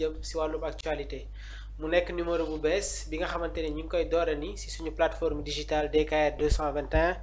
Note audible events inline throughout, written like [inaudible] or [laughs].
jëm si wàllu actualité mu nekk numéro bu bees bi nga xamante ne ñu ngi koy doora ni si suñu plateforme de digitale DKR 221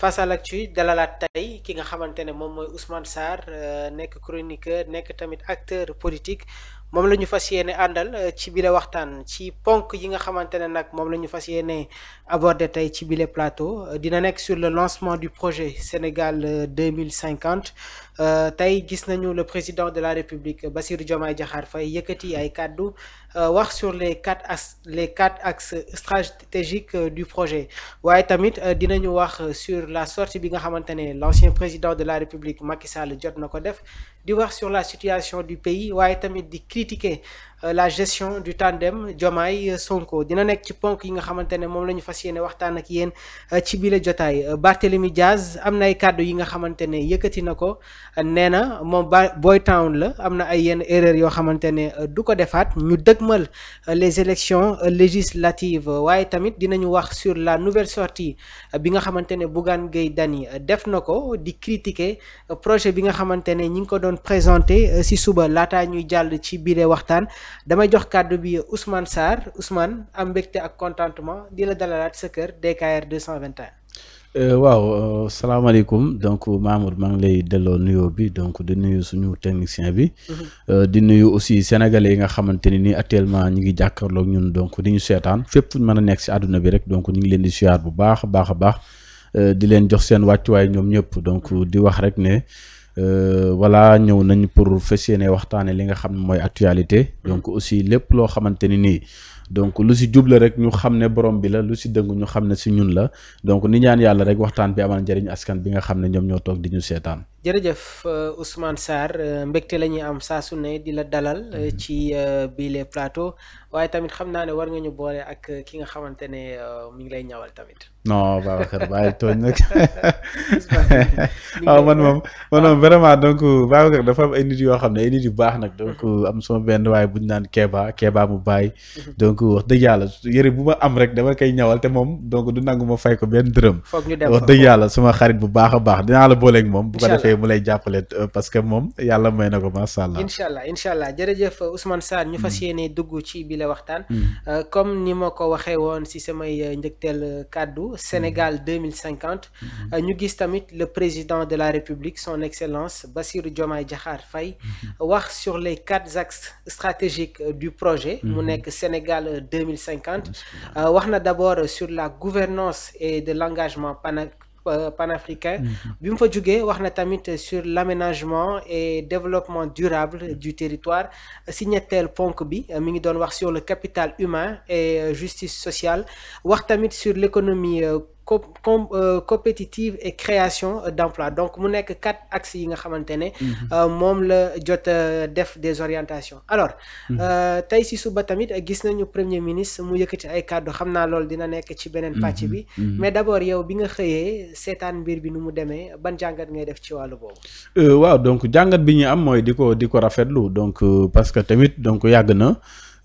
face à l'actu dalalaat tey ki nga xamante ne moom mooy Ousmane Sarr euh, nekk chroniqueur nekk tamit acteur politique moom la ñu fas yéene àndal euh, ci bile waxtaan ci ponk yi nga xamante ne nag moom la ñu fas yéene aborder tey ci bile plateau euh, dina nekk sur le lancement du projet Sénégal 2050 Euh, tey gis nañu le président de la république Bassirou Diomaye Diakhar Faye yëkkati ay kàddu euh, wax sur les quatre as les quatre axes stratégiques euh, du projet waaye tamit dinañu wax sur la sortie bi nga xamante ne l'ancien président de la république Macky Sall jot na ko def di wax sur la situation du pays waaye tamit di critiquer Euh, la gestion du tandem Diomaye euh, Sonko dina nekk ci ponk yi nga xamante ne moom la ñu fas yéene waxtaan ak yéen euh, ci biir jotaay Barthélemy Diaz am na ay kàddu yi nga xamante ne yëkkati na ko nee na moom ba boy town la am na ay yenn erreur yoo xamante ne du ko defaat ñu dëgmal les élections législatives waaye tamit dinañu wax sur la nouvelle sorti bi nga xamante ne Bougane Gueye Dany def na ko di critiquer projet bi nga xamante ne ñi ngi ko doon présenté si suba laataa ñuy jàll ci biir waxtaan. damay jox kàddu bi Ousmane Sarr Ousmane am mbégte ak contentement di la dalalaat sa kër DKR 221. Euh, waaw euh, salaamaaleykum donc Mamour maa ngi lay delloo nuyoo bi donc di nuyu suñu technicien bi. Mhm. Euh, di nuyu aussi sénégale yi nga xamante ne nii actuellement ñu ngi jàkkaarloog ñun donc di ñu seetaan fépp ñu mën a nekk si àdduna bi rek donc ñu ngi leen di siyaar bu baax a baax a baax di leen jox seen wàccuwaay ñoom ñëpp donc di wax rek ne. Euh, voilà ñëw nañ pour fas yéene waxtaane li nga xam ne mooy actualité donc mm-hmm. aussi lépp loo xamante ni nii donc lu si jubla rek ñu xam ne borom bi la lu si dëng ñu xam ne si ñun la donc ni ñaan yàlla rek waxtaan bi amal njëriñ askan bi nga xam ne ñoom ñoo toog di ñu seetaan jërëjëf euh, Ousmane Sarr euh, mbégte la ñuy am saa su ne di la dalal euh, mhm. ci biile plateau waaye tamit xam naa ne war nga ñu boole ak ki nga xamante ne mu ngi lay ñawal tamit. non Babacar bàyyi tooñ nag [laughs] waaw man moom moom ah. vraiment donc Babacar dafa am ay nit yoo xam ne ay nit yu baax nag donc mhm. am sama benn waaye bu ñu naan Kéba Kéba mu bàyyi mhm. donc wax dëgg yàlla yëre bu ma am rek dama koy ñawal te moom donc du nangu ma fay ko benn dërëm. foog ñu dem wax dëgg yàlla suma xarit bu baax a baax dinaa la booleeg moom bu jàppee mu lay jàppale euh, parce que moom yàlla may na ko macha allah. incha allah incha allah jërëjëf Ousmane Sarr ñu fas mm. yéene dugg ci bi la waxtaan. Mm. Euh, comme ni ma ko waxee woon si samay euh, njëgteel kàddu Sénégal mm. deux mille cinquante. ñu gis tamit le président de la République son excellence Bassirou Diomaye Diakhar Faye mm-hmm. wax sur les quatre axes stratégiques du projet. Mm-hmm. mu nekk Sénégal deux cinquante. wax na d' sur la gouvernance et de l' Euh, panafricain mhm. bi mu fa jugee wax na tamit sur l'aménagement et développement durable du territoire si ñetteel ponk bi euh, mi ngi doon wax sur le capital humain et euh, justice sociale wax tamit sur l'économie com euh, compétitive et création euh, d'emploi donc mu nekk quatre axes yi nga xamante ne mhm. euh, moom la jot def des orientations alors mhm. tey si suba tamit gis nañu premier ministre mu yëkkati ay kàddu xam naa loolu dina nekk ci beneen mhm. pàcc bi mais d'abord yow bi nga xëyee seetaan mbir bi nu mu demee ban jàngat ngay def ci wàllu boobu waaw donc jàngat bi ñu am mooy di ko di ko rafetlu donc parce que tamit donc yàgg na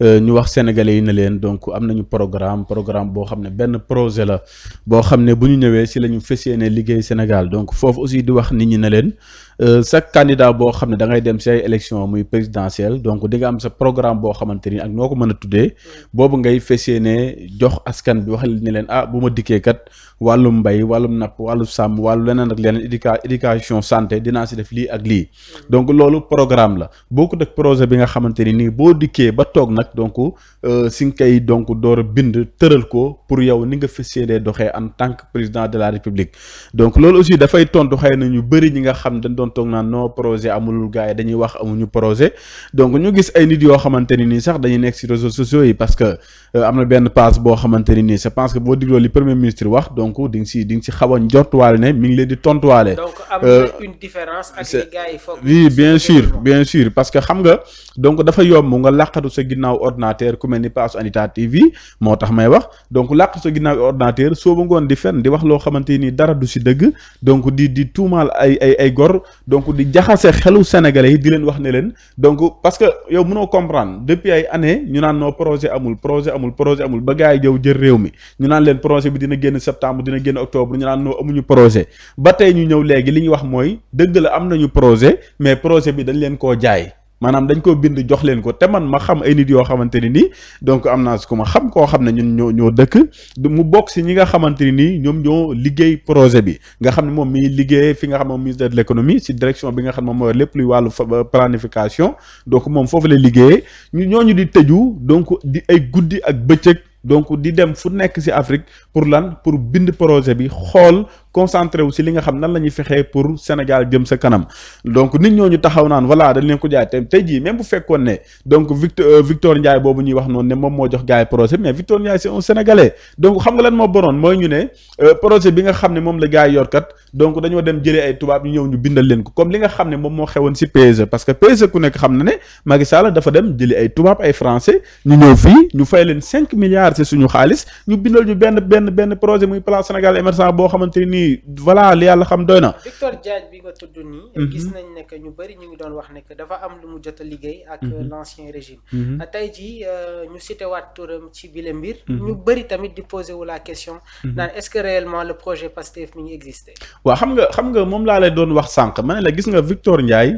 Euh, ñu wax sénégalais yi ne leen donc am nañu programme programme boo xam ne benn projet la boo xam ne bu ñu ñëwee si la ñu fas ne liggéey Sénégal donc foofu aussi di wax nit ñi ne leen Euh, chaque candidat boo xam ne da ngay dem si ay élection muy présidentielle donc di nga am sa programme boo xamante ni ak noo ko mën a tuddee boobu ngay fas ne jox askan bi waxal ne leen ah bu ma dikkee kat wàllu mbay wàllum napp wàllum sàmm wàllu leneen ak leneen éduca éducation santé dinaa si def lii ak lii mm. donc loolu programme la boo ko def projet bi nga xamante ni nii boo dikkee ba toog nag donc si euh, nga koy donc door a bind tëral ko pour yow ni nga fas yéene doxee en tant président de la république doon toog naan non projet amul gars yi dañuy wax amuñu projet donc ñu gis ay nit yoo xamante ni nii sax dañuy nekk ci réseaux sociaux yi parce que euh, am na benn passe boo xamante ni nii je pense que boo digloo li premier ministre wax donc di nga ci di nga ci xaw njortuwaale ne mi ngi leen di tontuwaale. donc am na euh, une différence ak bien sûr parce que xam nga donc dafa yomb nga làqatu sa ginnaaw ordinateur ku mel ni Passe Anita TV moo tax may wax donc làqatu sa ginnaaw ordinateur soo ngoon di fen di wax loo xamante ni dara du si dëgg donc di di tuumaal ay ay ay gor donc di jaxase xelu sénégalais yi di leen wax ne leen donc parce que yow mënoo comprendre depuis ay années ñu naan noo projet amul projet amul projet amul ba gars yi yow jël réew mi ñu naan leen projet bi dina génn septembre dina génn octobre ñu naan noo amuñu projet ba tey ñu ñëw léegi li ñu wax mooy dëgg la am nañu projet mais projet bi dañ leen koo jaay maanaam dañ koo bind jox leen ko te man ma xam ay nit yoo xamante ne nii donc am naa su ko ma xam koo xam ne ñun ñoo ñoo dëkk mu bokk si ñi nga xamante ne nii ñoom ñoo liggéey projet bi nga xam ne moom mi liggéeyee fi nga xam moom ministère de l'économie si direction bi nga xam moom mooy lépp luy wàllu fa planification donc moom foofu lay liggéeyee ñu ñooñu di tëju donc di ay guddi ak bëccëg donc di dem fu nekk ci Afrique pour lan pour bind projet bi xool concentré wu ci li nga xam nan la ñuy fexee pour Sénégal jëm sa kanam donc nit ñooñu taxaw naan voilà dañ leen ko jaay te tey même bu fekkoon ne donc Victor euh, Victor Ndiaye boobu wax noonu ne moom moo jox gars yi projet mais Victor Ndiaye c'est un Sénégalais donc xam nga moo bonoon mooy ñu ne euh, projet ne moom la gars yi yor dañoo dem jëlee ay tubaab ñu ñëw ñu bindal leen ko comme li nga xam ne moom moo xewoon ci PSE parce que PSE ku nekk xam na ne Macky dafa dem jëli ay tubaab ay français ñu ñëw fii ñu fay leen cinq milliards décharger suñu xaalis ñu bindal ñu benn benn benn projet muy plan Sénégal émergent boo xamante nii voilà li yàlla xam doy na. Victor Diagne bi nga tudd nii. Mhm. gis nañ ne que ñu bëri ñu ngi doon wax ne que dafa am lu mu jot a liggéey. ak mhm. l'ancien régime. Mhm. Euh, tey jii euh, ñu site waat turam ci bile mbir. ñu bëri tamit di posé wu la question. naan est-ce que réellement le projet PASTEF mi ngi existé. waaw xam nga xam nga moom laa lay doon wax sànq ma ne la gis nga Victor Ndiaye.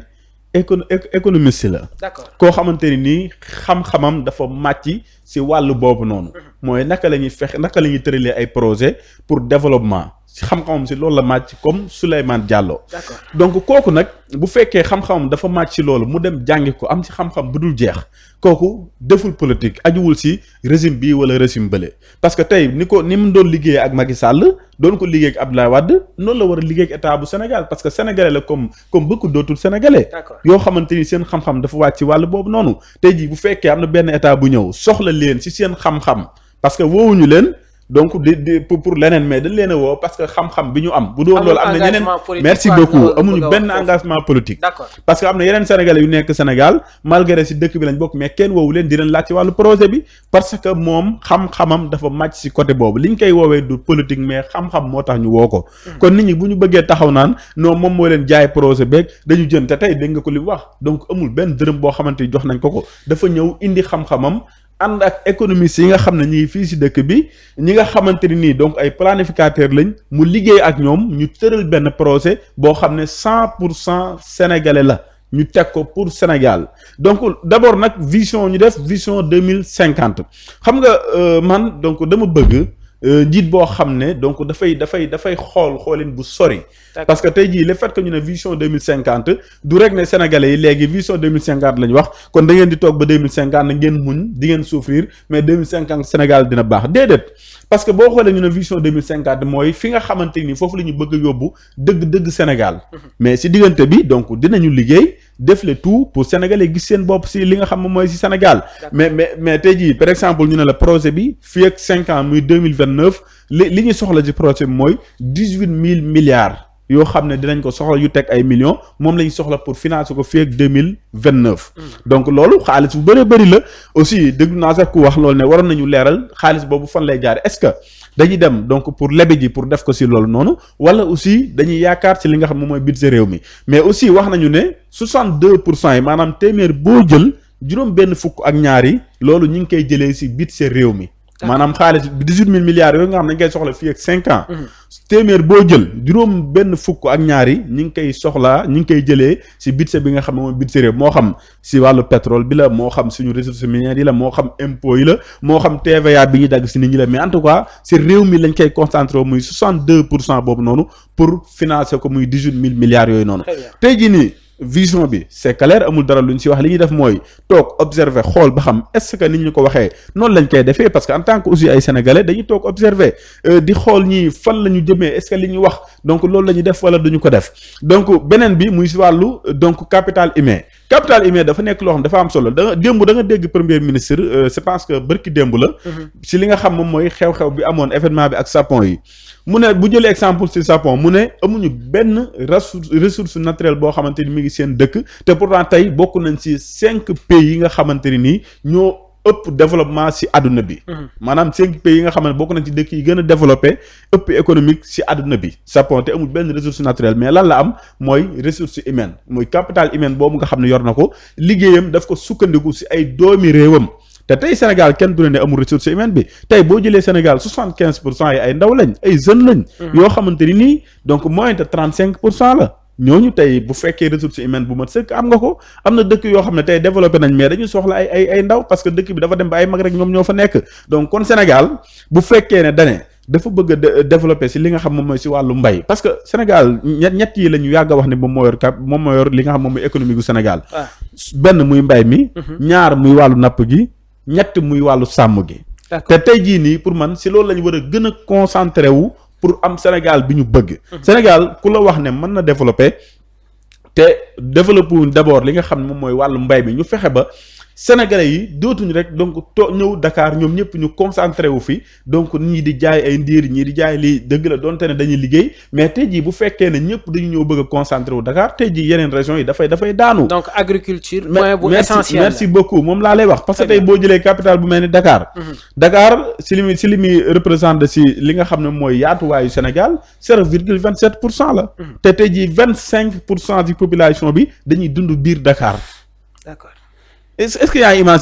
écono économiste la. d'accord koo xamante ni nii xam-xamam dafa màcc si wàllu boobu noonu. Mhm. mooy naka la ñuy fexe naka la ñuy tëralee ay projet pour développement si xam-xamam si loolu la màcc comme Souleymane jàlloo d'accord donc kooku nag bu fekkee xam-xamam dafa màcc ci loolu mu dem jàngi ko am si xam-xam bu dul jeex kooku deful politique ajuwul si régime bi wala régime bële parce que tey ni ko ni mu doon liggéeyee ak Macky Sall. doon ko liggéey ak Abdoulaye Wade noonu la war a liggéey ak état bu Sénégal parce que sénégalais la comme comme beaucoup d'autres sénégalais. yoo xamante ni seen xam-xam dafa wàcc ci wàll boobu noonu. tey jii bu fekkee am na benn état bu ñëw soxla leen ci seen xam-xam parce que woowuñu leen. donc di di pour leneen mais dañ leen woo parce que xam-xam bi ñu am. bu doon loolu am na ñeneen merci beaucoup amuñu benn engagement politique. d'accord parce que am na yeneen sénégalais yu nekk Sénégal malgré si dëkk bi lañ bokk mais kenn woowu leen di leen laaj ci wàllu projet bi parce que moom xam-xamam dafa màcc si côté boobu li ñu koy woowee du politique mais xam-xam moo tax ñu woo ko. Hmm. kon nit ñi bu ñu bëggee taxaw naan non moom moo leen jaay projet beeg dañu jën te tey dégg nga ko li wax donc amul benn dërëm boo xamante ni jox nañ ko ko dafa ñëw indi xam ànd ak économistes yi nga xam ne ñu fii si dëkk bi ñi nga xamante ni nii donc ay planificateurs lañ mu liggéey ak ñoom ñu tëral benn projet boo xam ne cent pour cent sénégalais la ñu teg ko pour Sénégal donc d'abord nag vision ñu def vision deux mille cinquante xam nga euh, man donc dama bëgg. njiit euh, boo xam ne donc dafay dafay dafay xool xoolin bu sori. parce que tey jii le fait que ñu ne vision deux mille cinquante du rek ne sénégalais yi léegi vision deux mille cinquante la wax kon da di toog ba ngeen muñ di ngeen souffrir mais deux mille cinquante Sénégal dina baax déedéet. parce que boo xoolee ñu ne vision deux mille cinquante mooy fi nga xamante ni foofu la bëgg yóbbu dëgg-dëgg Sénégal. Mhm. mais si diggante bi donc dinañu liggéey def le tout pour sénégalais gis si li nga xam mooy si Sénégal. mais mais vingt neuf li li ñu soxla ci projet bi mooy dix huit mille milliards yoo xam ne dinañ ko soxla yu teg ay millions moom la ñu soxla pour financer ko fii ak deux mille vingt neuf. donc loolu xaalis bu bëree bari la aussi déglu naa sax wax loolu ne waroon nañu leeral xaalis boobu fan lay jaar est-ce dañuy dem donc pour lebe ji pour def ko ci loolu noonu walla aussi dañuy yaakaar ci li nga xam moom mooy budget réew mi mais aussi wax nañu ne 62 pour cent yi maanaam téeméer boo jël juróom benn fukk ak ñaar loolu ñu ngi koy jëlee ci budget réew mi. maanaam xaalis bi dix huit milliards yooyu nga xam ne dañ koy soxla fii ak cinq mhm. téeméer boo jël juróom benn fukk ak ñaari ñi ngi koy soxlaa ñi ngi koy jëlee si budget bi nga xam ne mooy budget réew moo xam si wàllu pétrole bi la moo xam suñu ressources minières yi la moo xam impôts yi la moo xam TVA bi ñuy dagg si nit ñi la mais en tout si réew mi lañ koy concentré muy soixante deux pour cent boobu noonu pour financer ko muy dix huit mille milliards yooyu noonu. tey vision bi c'est clair amul dara lu ñu ci wax li ñuy def mooy toog observer xool ba xam est-ce que ni ñu ko waxee noonu lañ koy defee parce que en tant que aussi ay sénégalais dañuy toog observer euh, di xool ñii fan la ñu jëmee est-ce li ñu wax donc loolu la ñuy def wala duñu ko def donc beneen bi muy ci wàllu donc capital humain capital humain dafa nekk loo xam dafa am solo da nga démb da dégg premier ministre euh, c'est parce que bërki démb la. si mhm. li nga xam moom mooy xew-xew bi amoon événement bi ak sapon yi. mu ne bu jëlee exemple si sapon mu ne amuñu benn ressource naturelle boo xamante ni mi ngi seen dëkk te pourtant tey bokk nañ ci cinq pays yi nga xamante nii ñoo. ëpp développement si adduna bi. Mhm. maanaam cinq pays yi nga xam ne bokk nañ ci dëkk yi gën a développé ëpp économique si àdduna bi. Japon te amul benn ressource naturelle mais lan la am mooy ressource humaine mooy capital humaine boobu nga xam ne yor na ko liggéeyam daf ko sukkandiku si ay doomi réewam. te tey Sénégal kenn du ne amul ressource humaine bi tey boo jëlee Sénégal soixante quinze pour cent yi ay ndaw lañ ay jeunes lañ. Mhm. yoo xamante ni nii donc moins de trente cinq pour cent la. ñooñu tey bu fekkee ressource humaine bu mat sëkk am nga ko am na dëkk yoo xam ne tey développé nañ mais dañu soxla ay ay ay ndaw parce que dëkk bi dafa dem ba ay mag rek ñoom ñoo fa nekk donc kon Sénégal bu fekkee ne dane dafa bëgg a euh, si li nga xam moom mooy ci wàllu mbay parce que Sénégal ñett ñett la ñu yàgg wax ne moom moo yor cap moom moo yor li nga xam moom mooy économie gu Sénégal. Ah. benn muy mbay mi. Mhm. ñaar muy wàllu napp gi. ñett muy wàllu sàmm gi. te tey jii nii pour man si loolu la ñu war a gën a concentré wu. pour am Sénégal bi ñu bëgg. Sénégal ku la wax ne mën na développer te développer wuñ d'abord li nga xam ne moom mooy wàllu mbay bi ñu fexe ba. sénégalais yi dootuñu rek donc to ñëw dakaar ñoom ñëpp ñu concentré wu fi donc ñii di jaay ay ndiir ñii di jaay lii dëgg la donte ne dañuy liggéey mais tey jii bu fekkee ne ñëpp dañu ñëw bëgg a concentré wu Dakar tey jii yeneen région yi dafay dafay daanu. donc agriculture. moyen bu essentiel merci merci beaucoup moom laa lay wax. parce que tey boo jëlee capitale bu mel ni Dakar. Mhm. Dakar si li muy si li muy représenté si li nga xam ne mooy yaatuwaayu Sénégal 0,27 pour cent la. Mhm. te tey jii 25 pour cent du population bi dañuy dund biir Dakar. est-ce que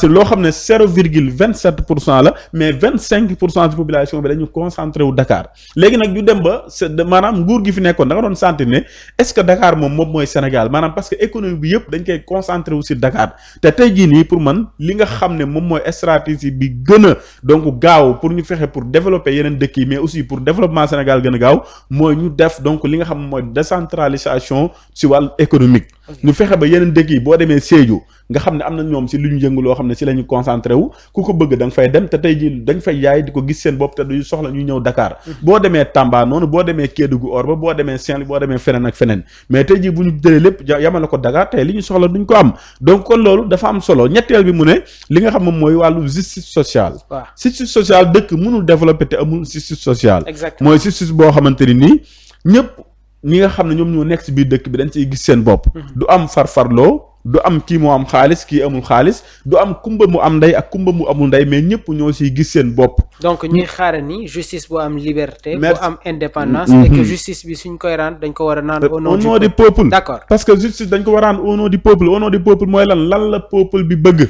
loo xam ne zéro virgule vingt sept pour cent la mais vingt cinq pour cent ci population bi dañu concentré wu Dakar léegi nag ñu dem ba maanaam nguur gi fi nekkoon da nga doon sentir ne est que Dakar moom moom mooy Sénégal maanaam parce que économie bi yëpp dañ koy concentré wu si Dakar te tey jii nii pour man li nga xam ne moom mooy stratégie bi gën a donc gaaw pour ñu fexe pour développer yeneen dëkk yi mais aussi pour développement Sénégal gën gaaw mooy ñu def donc li nga xam mooy décentralisation si wàllu économique. ñu fexe ba yeneen dëkk yi boo demee Sédhiou nga xam ne am na ñoom si lu ñu jëng loo xam ne si la ñu concentré ku ko bëgg da nga fay dem te tey ji dañ fay yaay di ko gis seen bopp te du soxla ñu ñëw dakaar mm-hmm. boo demee Tamba noonu boo demee Kédougou or boo demee saint boo demee feneen ak feneen mais tey jii bu ñu jëlee lépp yamale ko Dakar tey li ñu soxla duñ ko am donc kon loolu dafa am solo ñetteel bi mu ne li nga xam moom mooy wàllu justice sociale justice sociale dëkk mënul développer te amul justice sociale mooy justice boo xamante ni nii ñëpp ñi nga xam ne ñoom ñoo nekk ci biir dëkk bi dañ ciy gis seen bopp. Mhm. du am farfarloo du am kii moo am xaalis kii amul xaalis du am kumba mu am ndey ak kumba mu amul ndey mais ñëpp ñoo si gis seen bopp. donc ñuy xaara ni justice bu am liberté. bu am indépendance. Mhm. et que mhm. justice bi suñ koy rendre dañ ko war a naan. Euh, au nom du peuple parce que justice dañ ko war a rendre au nom du peuple au peuple mooy lan lan la peuple bi bëgg.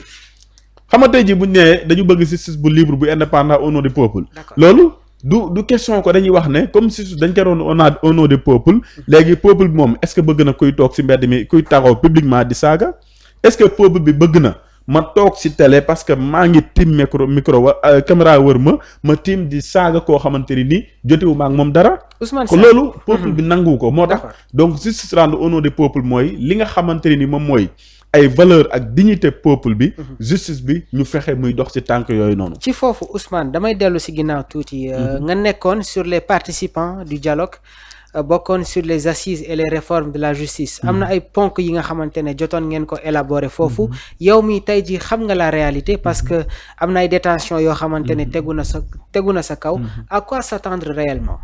xam nga tey jii bu ñu nee dañu bëgg justice bu libre bu indépendant au nom du peuple. du du question ko dañuy wax ne comme si dañ ko doon on a au nom du peuple léegi peuple bi moom est bëgg na kuy toog si mbedd mi kuy taxaw publiquement di saaga est ce que peuple bi bëgg na ma toog si télé parce que maa ngi tim micro micro wa euh, caméra wër ma ma tiim di saaga koo xamante ni nii jotewu ak moom dara. Ousmane ko loolu. peuple bi mm-hmm. nangu ko moo tax. donc justice rendre au nom du peuple mooy li nga xamante ni moom mooy. ay valeur ak dignité peuple bi. Mhm. justice bi ñu fexe muy dox ci tànk yooyu noonu. ci foofu Ousmane damay dellu si ginnaaw tuuti. Euh, mhm. nga nekkoon sur les participants du dialogue euh, bokkoon sur les assises et les réformes de la justice. am na mhm. ay ponk yi nga xamante ne jotoon ngeen ko élaborer foofu. yow mi tey jii xam nga la réalité parce que am na ay détention yoo xamante ne tegu na sa tegu na sa kaw. à quoi s'attendre réellement.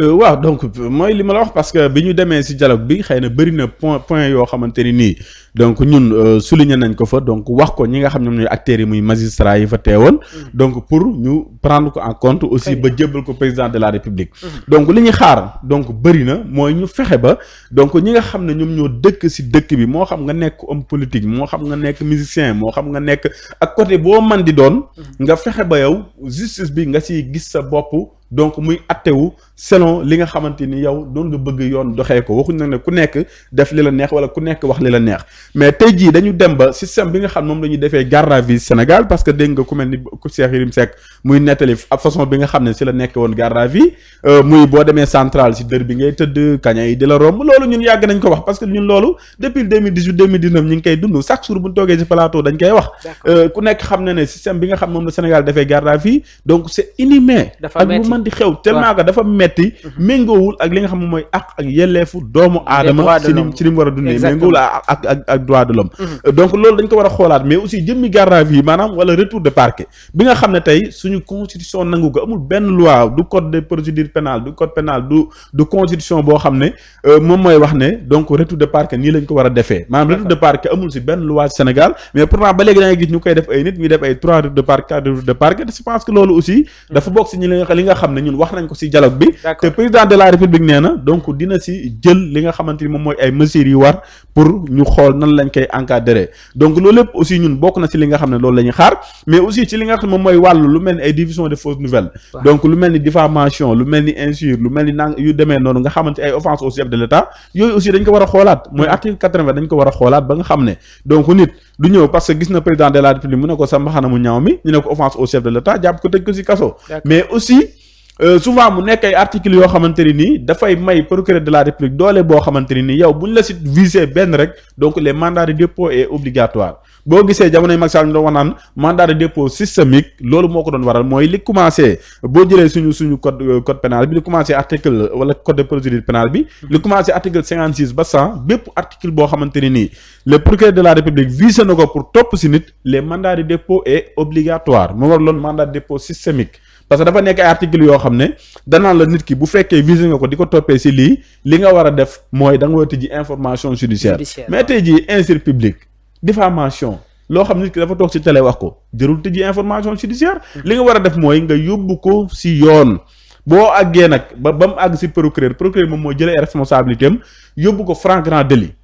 Euh, waaw donc mooy li ma la wax parce que bi ñu demee ci dialogue bi xëy na bëri na point point yoo xamante ni nii donc ñun euh, souligné nañ ko fa donc wax ko ñi nga xam ñoom ñooy acteurs yi muy magistrats yi fa teewoon. Mm-hmm. donc pour ñu prendre ko en compte. aussi ba jébbal ko président de la république. Mm-hmm. donc li ñu xaar donc bëri na mooy ñu fexe ba donc ñi nga xam ne ñoom ñoo dëkk ci dëkk bi moo xam nga nekk homme politique moo xam nga nekk musicien moo xam nga nekk ak côté boo man di doon. Mm-hmm. nga fexe ba yow justice bi nga ciy gis sa bopp. donc muy attewu selon li nga xamante ni yow doon nga bëgg yoon doxee ko waxuñ nag ne ku nekk def li la neex wala ku nekk wax li la neex mais tey jii dañu dem ba système bi nga xam moom la ñuy defee garde à vue Sénégal parce que dégg nga ku mel ni muy nettali ab façon bi nga ne si la nekk woon garde à vue euh, muy boo demee centrale si dër bi ngay tëdd di la romb loolu ñun yàgg nañ ko wax parce que ñun loolu depuis 2018 2019 ñu ngi koy dund chaque jour bu ñu toogee si euh, ne ne système bi nga xam moom la Sénégal defee garde à vue donc c'est inhumain mën di xew tellement que dafa metti mhm. méngoowul ak li nga xam ne mooy àq ak yelleefu doomu aadama si ni si ni war a dundee méngoowul ak ak ak de l'homme mhm. euh, donc loolu dañ ko war a xoolaat mais aussi jëmmi garde à maanaam wala retour de parquet bi nga xam ne tey suñu constitution nangu ko amul benn loi du code de procédure pénale du code pénal du constitution boo xam ne euh, moom mooy wax ne donc retour de parquet nii lañ ko war a defee maanaam retour de parquet xam ne ñun wax nañ ko ci dialogue bi te président de la république nee donc dina ci jël li nga xamante ni mooy ay mesures yi war pour ñu xool nan lañ koy encadrer donc loolu lépp aussi ñun bokk na ci li nga xam ne loolu la xaar mais aussi ci li nga xam ne moom mooy wàllu lu mel ni ay division de fausses nouvelles donc lu mel ni diffamation lu mel ni injure lu mel ni nang yu demee noonu nga xamante ay offense au chef de l'État yooyu aussi dañ ko war xoolaat mooy Euh, souvent mu nekk ay articles yoo xamante ni nii dafay may procureur de la république doole boo xamante ni nii yow bu ñu la si visé benn rek donc les mandats de dépôt est obligatoire boo gisee jamonoy moo ko doon waral mooy li commencé boo jëlee suñu suñu code euh, code pénal bi li commencé article euh, wala code de mm-hmm. nii le procureur de la république visé na ko pour topp si nit les mandats de dépôt est obligatoire mu war loon mandat de dépôt systémique parce que dafa nekk ay articles yoo xam xam ne danaan la nit ki bu fekkee visé nga ko di ko toppee si lii li nga war a def mooy da nga war a tijji information judiciaire mais tey jii injure publique diffamation loo xam nit ki dafa toog si tele wax ko jërul tijji information judiciaire li nga war a def mooy nga yóbbu ko si yoon boo àggee nag ba ba mu àgg si procureur procureur moom mooy jëlee responsabilité am yóbbu ko flagrant délit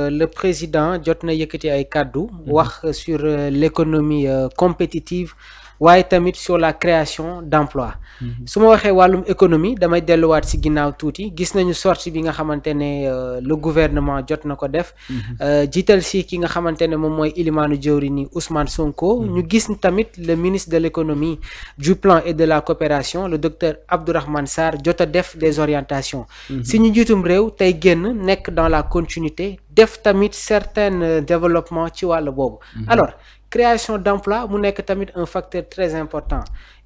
Euh, le président jot na yëkkati ay kàddu wax sur euh, l'économie euh, compétitive waaye tamit sur la création d'emplois Mhm. su ma waxee wàllum économie damay delluwaat si ginnaaw tuuti gis nañu sortie bi nga xamante ne euh, le gouvernement jot na ko def. Mhm. Euh, jiital si ki nga xamante ne moom mooy ilimaanu jëwri ni Ousmane Sonko. Mhm. ñu gis tamit le ministre de l' économie du plan et de la coopération le docteur Abdourahmane Sarr jot a def des orientations. si ñu jiitum réew tey génn nekk dans la continuté def tamit certains euh, développement ci wàll boobu. alors création d'emploi mu nekk tamit un facteur très important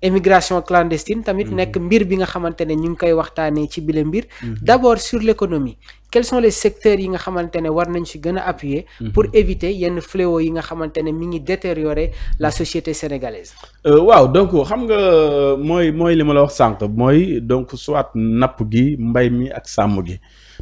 émigration clandestine tamit mhm. nekk mbir bi nga xamante ne ñu ngi koy waxtaanee ci bile mbir mhm. d'abord sur l'économie quels sont les yi nga xamante ne war nañ ci gën a appuye mhm. pour éviter yenn fléau yi nga xamante ne mi ngi détériorer la société sénégalaise euh, waaw donc xam nga mooy mooy li ma la wax sànq mooy donc soit napp gi mbay mi ak sàmm gi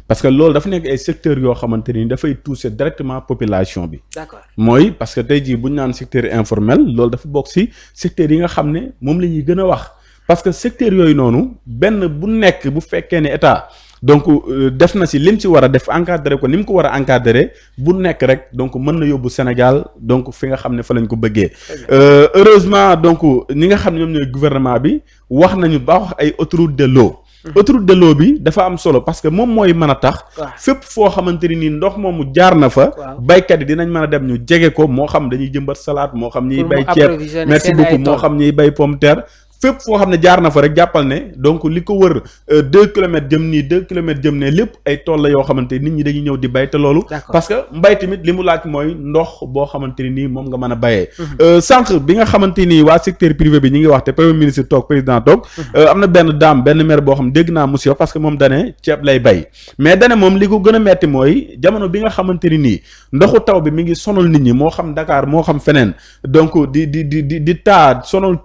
parce que loolu dafa nekk ay secteurs yoo xamante ni dafay toucher directement population bi. d'accord mooy parce que tey jii bu ñu naan secteur informel loolu dafa bokk si secteurs yi nga xam ne moom la ñuy gën a wax parce que secteurs yooyu noonu benn bu nekk bu fekkee ne état. donc euh, def na si lim si war a def encadré ko ni mu ko war a encadré bu nekk rek donc mën na yóbbu Sénégal donc fi nga xam ne fa lañ ko bëggee. Euh, heureusement donc ñi nga xam ne ñoom ñooy gouvernement bi wax nañu ba wax ay mhm. autoroute de l'eau autoroute bi dafa am solo parce que moom mooy mën a tax fépp foo xamante ni ndox moomu jaar na fa baykat yi dinañ mën a dem ñu jege ko moo xam dañuy jëmbat salaat moo xam ñiy bay ceeb merci beaucoup moo xam ñiy bay pomme terre fépp foo xam ne jaar na fa rek jàppal ne donc li ko wër euh, deux kilomètres jëm nii deux kilomètres jëm ne lépp ay tool la yoo xamante nit ñi dañuy ñëw di bay te loolu parce que mbay tamit li mu laaj mooy ndox boo xamante ni nii moom nga mën a bayee mhm. euh, sànq bi nga xamante nii waa secteur privé bi ñi ngi wax te premier ministre toog président toog mhm. euh, am na benn daam benn maire boo xam dégg naa monsieur parce que moom dane ceeb lay bay mais dane moom li ko gën a metti mooy jamono bi nga xamante ni bi mi ngi sonal nit ñi moo xam Dakar moo xam feneen donc di di di di di taa sonal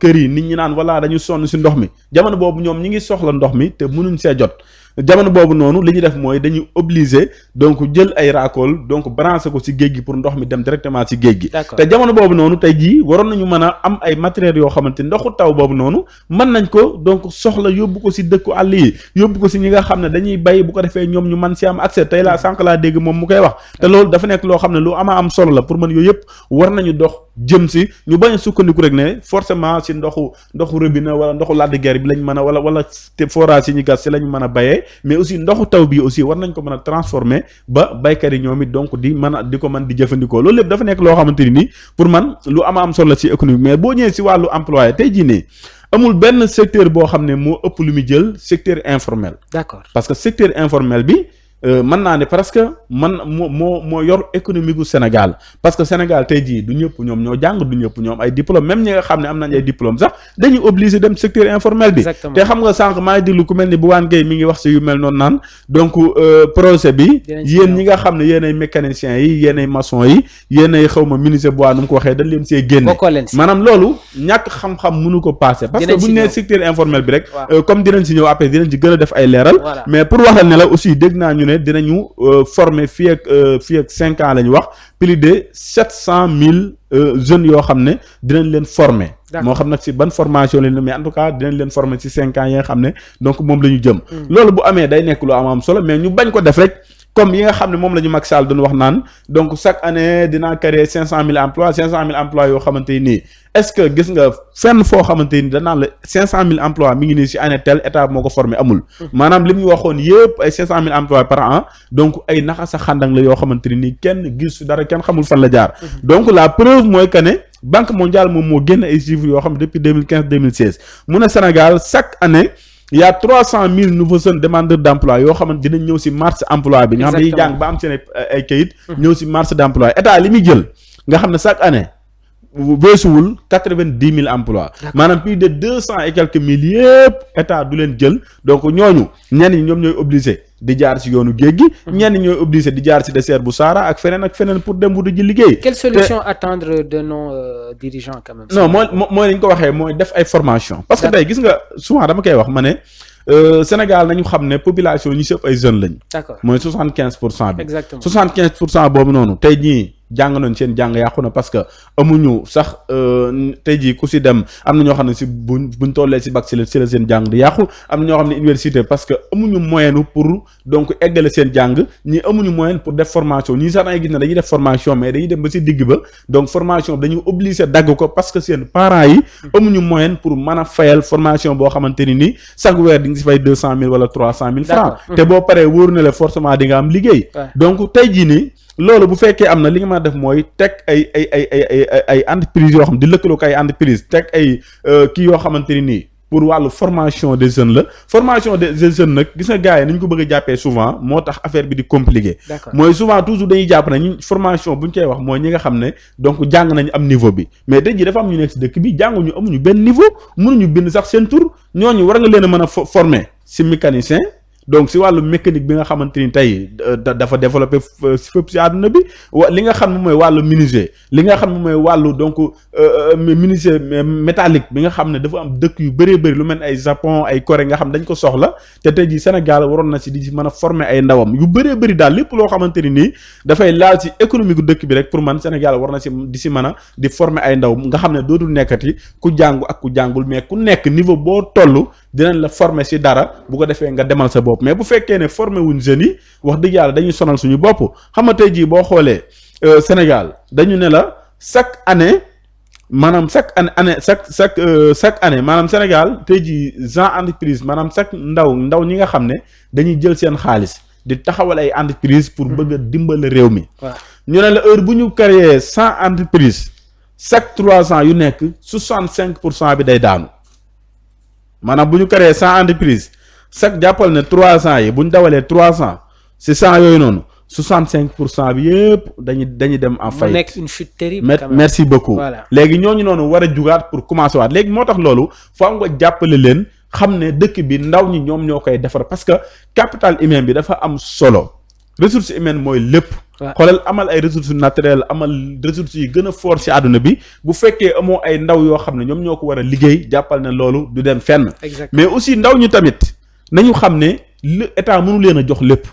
ñu sonn si ndox mi jamono boobu ñoom ñi ngi soxla ndox mi te mënuñ see jot jamono boobu noonu li ñu def mooy dañu obligé donc jël ay raakool donc branché ko ci géej gi pour ndox mi dem directement ci géej gi te jamono boobu noonu tey jii waroon nañu mën a am ay matériels yoo xamante ndoxu taw boobu noonu mën nañ ko donc soxla yóbbu ko ci dëkku àll yi yóbbu ko ci ñi nga xam ne dañuy bay bu ko defee ñoom ñu mën ci am accès tey laa sànq laa dégg moom mu koy wax te loolu dafa nekk loo xam ne lu ama am solo la pour mën war nañu dox jëm si ñu bañ sukkandiku rek ne forcément si ndoxu ndoxu robinet wala ndoxu laaddi guerre bi lañ mën a wala wala forage yi ñu gas si lañ mën a bayee mais aussi ndoxu taw bi aussi war nañ ko mën a transformer ba baykat yi ñoom it donc di mën a di ko mën di jëfandikoo loolu lépp dafa nekk loo xamante ni nii pour man lu ama am solo la ci économie mais boo ñëwee ci wàllu employé tey jii ne amul benn secteur boo xam ne moo ëpp lu muy jël secteur informel. d'accord parce que secteur informel bi. Euh, mën naa ne presque man moo moo moo yor économie gu Sénégal parce que Sénégal tey jii du ñëpp ñoom ñoo jàng du ñëpp ñoom ay diplôme même ñi nga xam ne am nañ ay diplôme sax dañuy obligé dem secteur informel bi te xam nga sànq maa ngi déglu ku mel ni Bougane Gueye euh, ñi nga xam ne yéen ay mécaniciens yi yéen ay maçon yi yéen ay xaw ma menuisier bois nu mu ko waxee da leen see génne maanaam loolu ñàkk xam-xam mënu ko passé parce que buñ nee secteur informel bi rek euh, comme dinañ si ñëw après dinañ si gën a def ay leeral mais pour waxal ne la aussi dégg ne dinañu euh, former fii ak euh, fii ak cinq ans la ñu wax plus de sept cent mille euh, jeunes yoo xam ne dinañ leen former. moo xam nag si ban formation lañ mais en tout cas dinañ leen former si cinq ans yi xam ne donc moom la ñu jëm. Mm. loolu bu amee day nekk lu am am solo mais ñu bañ ko def rek. comme yi nga xam ne moom la ñu Macky Sall doon wax naan donc chaque année dinaa créer cinq cent mille emplois cinq cent mille emplois yoo xamante nii est-ce que gis état moo ko formé amul hmm. maanaam li mu waxoon yëpp ay cinq cent mille emplois par an donc ay naxa sa xàndang la yoo xamante nii kenn gis dara kenn xamul fan la jaar hmm. donc la preuve mooy que banque mondiale moom moo génn ay chiffres yoo xam depuis deux Sénégal chaque année yaa y a trois cent mille nouveaux jeunes demandeurs d' emploi yoo xamante dinañ ñëw si marché emploi bi. nga xam ne dañuy jàng ba am seen ay kayit. Mm-hmm. ñëw si marché d' emploi état li muy jël nga xam ne chaque année. weesuwul quatre vingt dix mille emplois maanaam plus de deux cent et quelques mille yëpp état du leen jël donc ñooñu ñenn yi ñoom ñooy obligé di jaar si yoonu géej gi. Mhm. ñenn ñooy obligé di jaar si désert bu Sahara ak feneen ak feneen pour dem wutu ji liggéey. quelle solution attendre de nos euh, dirigeants quand mooy mooy li ko waxee mooy def ay formation parce que tey gis nga souvent dama koy wax ma ne. Euh, Sénégal nañu xam ne population ñu sëpp ay jeunes lañu. d'accord mooy soixante quinze pour cent bi. exactement soixante quinze pour cent boobu noonu tey ñii. jàng nañ seen jàng yàqu na parce que amuñu sax euh, tey jii ku si dem am na ñoo xam ne si buñ tollee si bac si la si la seen jàng di yàqu am na ñoo xam ne université parce que amuñu moyen pour donc eggale seen jàng ñi amuñu moyen pour def formation ñii sax dangay gis ne dañuy def formation mais dañuy dem ba si digg ba donc formation bi dañuy obligé dagg ko parce que seen parents yi amuñu moyen pour mën a fayal formation boo xamante ni nii chaque weer di nga si fay deux cent mille wala trois cent mille francs te boo loolu bu fekkee am na li nga mën a def mooy teg ay ay ay ay ay ay entreprise yoo xam di lëkkaloo ko ay entreprise teg ay euh, kii yoo xamante ni nii pour wàllu formation des jeunes la formation des jeunes nag gis nga gars yi nañ ko bëgg a jàppee souvent moo tax affaire bi di compliqué mooy souvent toujours dañuy jàpp ne ñu formation bu ñu koy wax mooy ñi nga xam ne donc jàng nañu am niveau bi mais tey jii dafa am ñu nekk si dëkk bi jànguñu amuñu benn niveau mënuñu bind sax seen tur ñooñu war nga leen a mën a former si mécanicien donc si wàllu mécanique bi nga xamante ni tey euh, dafa développé euh, fépp si àdduna bi wa li nga xam ne mooy wàllu miniser li nga xam mooy wàllu donc euh, menuisier métallique bi nga xam ne dafa am dëkk yu bëree bëri lu mel ay Japon ay Corée nga xam dañ ko soxla te tey jii Sénégal waroon na si di si mën a former ay ndawam yu bëree bëri daal lépp loo xamante ni nii dafay laal si économie dëkk bi rek pour man Sénégal war na si di si mën a di former ay ndaw nga xam ne dootul nekkati ku jàngu ak ku jàngul mais ku nekk niveau boo toll dinañ la former si dara bu ko defee nga demal sa bopp mais bu fekkee ne former wuñ jeunes yi wax dëgg yàlla dañuy sonal suñu bopp xam nga tey jii boo xoolee euh, Sénégal dañu ne la chaque année maanaam chaque année chaque chaque euh, chaque année maanaam Sénégal tey jii genre entreprise maanaam chaque ndaw ndaw ñi nga xam ne dañuy jël seen xaalis di taxawal ay entreprise pour bëgg a mm-hmm. dimbali réew mi. ñu ne la heure bu ñu créer cent entreprise chaque trois ans yu nekk soixante cinq pour cent bi day daanu. maanaam bu ñu karee cent entreprises chaque jàppal na trois cent yi bu ñu dawalee trois cent si cent yooyu noonu soixante cinq pour cent bi yëpp dañu dañuy dem en faillite mu nekk une chute terrible merci beaucoup voilà léegi ñooñu noonu war a jugaat pour commencer waat léegi moo tax loolu faaw nga jàppale leen xam ne dëkk bi ndaw ñi ñoom ñoo koy defar parce que capital humain bi dafa am solo ressource humaine mooy lépp. xoolal amal ay ressources naturelles amal ressources yi gën a fort ci àdduna bi bu fekkee amoo ay ndaw yoo xam ne ñoom ñoo ko war a liggéey jàppal ne loolu du dem fenn. mais aussi ndaw ñi tamit nañu xam ne li état mënu leen a jox lépp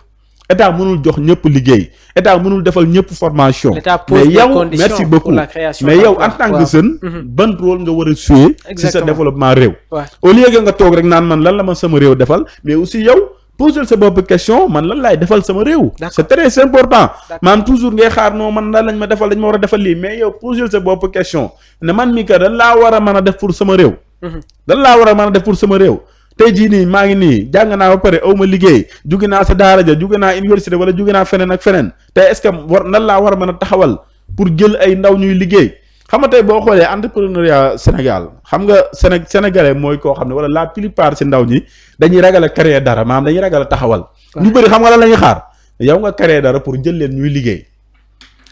état mënul jox ñëpp liggéey état mënul defal ñëpp formation. mais yow merci beaucoup mais yow en tant que jeune. Mhm. ban rôle nga war a jouer. ci sa développement réew. au lieu que nga toog rek naan man lan la ma sama réew defal mais aussi yow. pour posel sa bopp question man lan laay defal sama réew. c'est très important. maam toujours ngay xaar noo man lan lañ ma defal dañ ma war a defal lii mais yow posel sa bopp question ne man mii kat lan laa war a man a def pour sama réew. Mhm. lan laa war a mën a pour sama réew. tey jii nii maa ngi nii jàng naa ba pare aw ma liggéey juge naa sa daara ja juge naa université wala juge naa feneen ak feneen te est-ce que war nan laa war a mën a taxawal pour jël ay ndaw ñuy liggéey. xam boo xoolee entrepreneuriat Sénégal xam nga Séné sénégalais mooy koo xam ne wala la plupart si ndaw ñi dañuy ragal a créer dara maanaam dañuy ragal a taxawal. ñu bëri xam nga lan la ñuy xaar yow nga créer dara pour jël leen ñuy liggéey.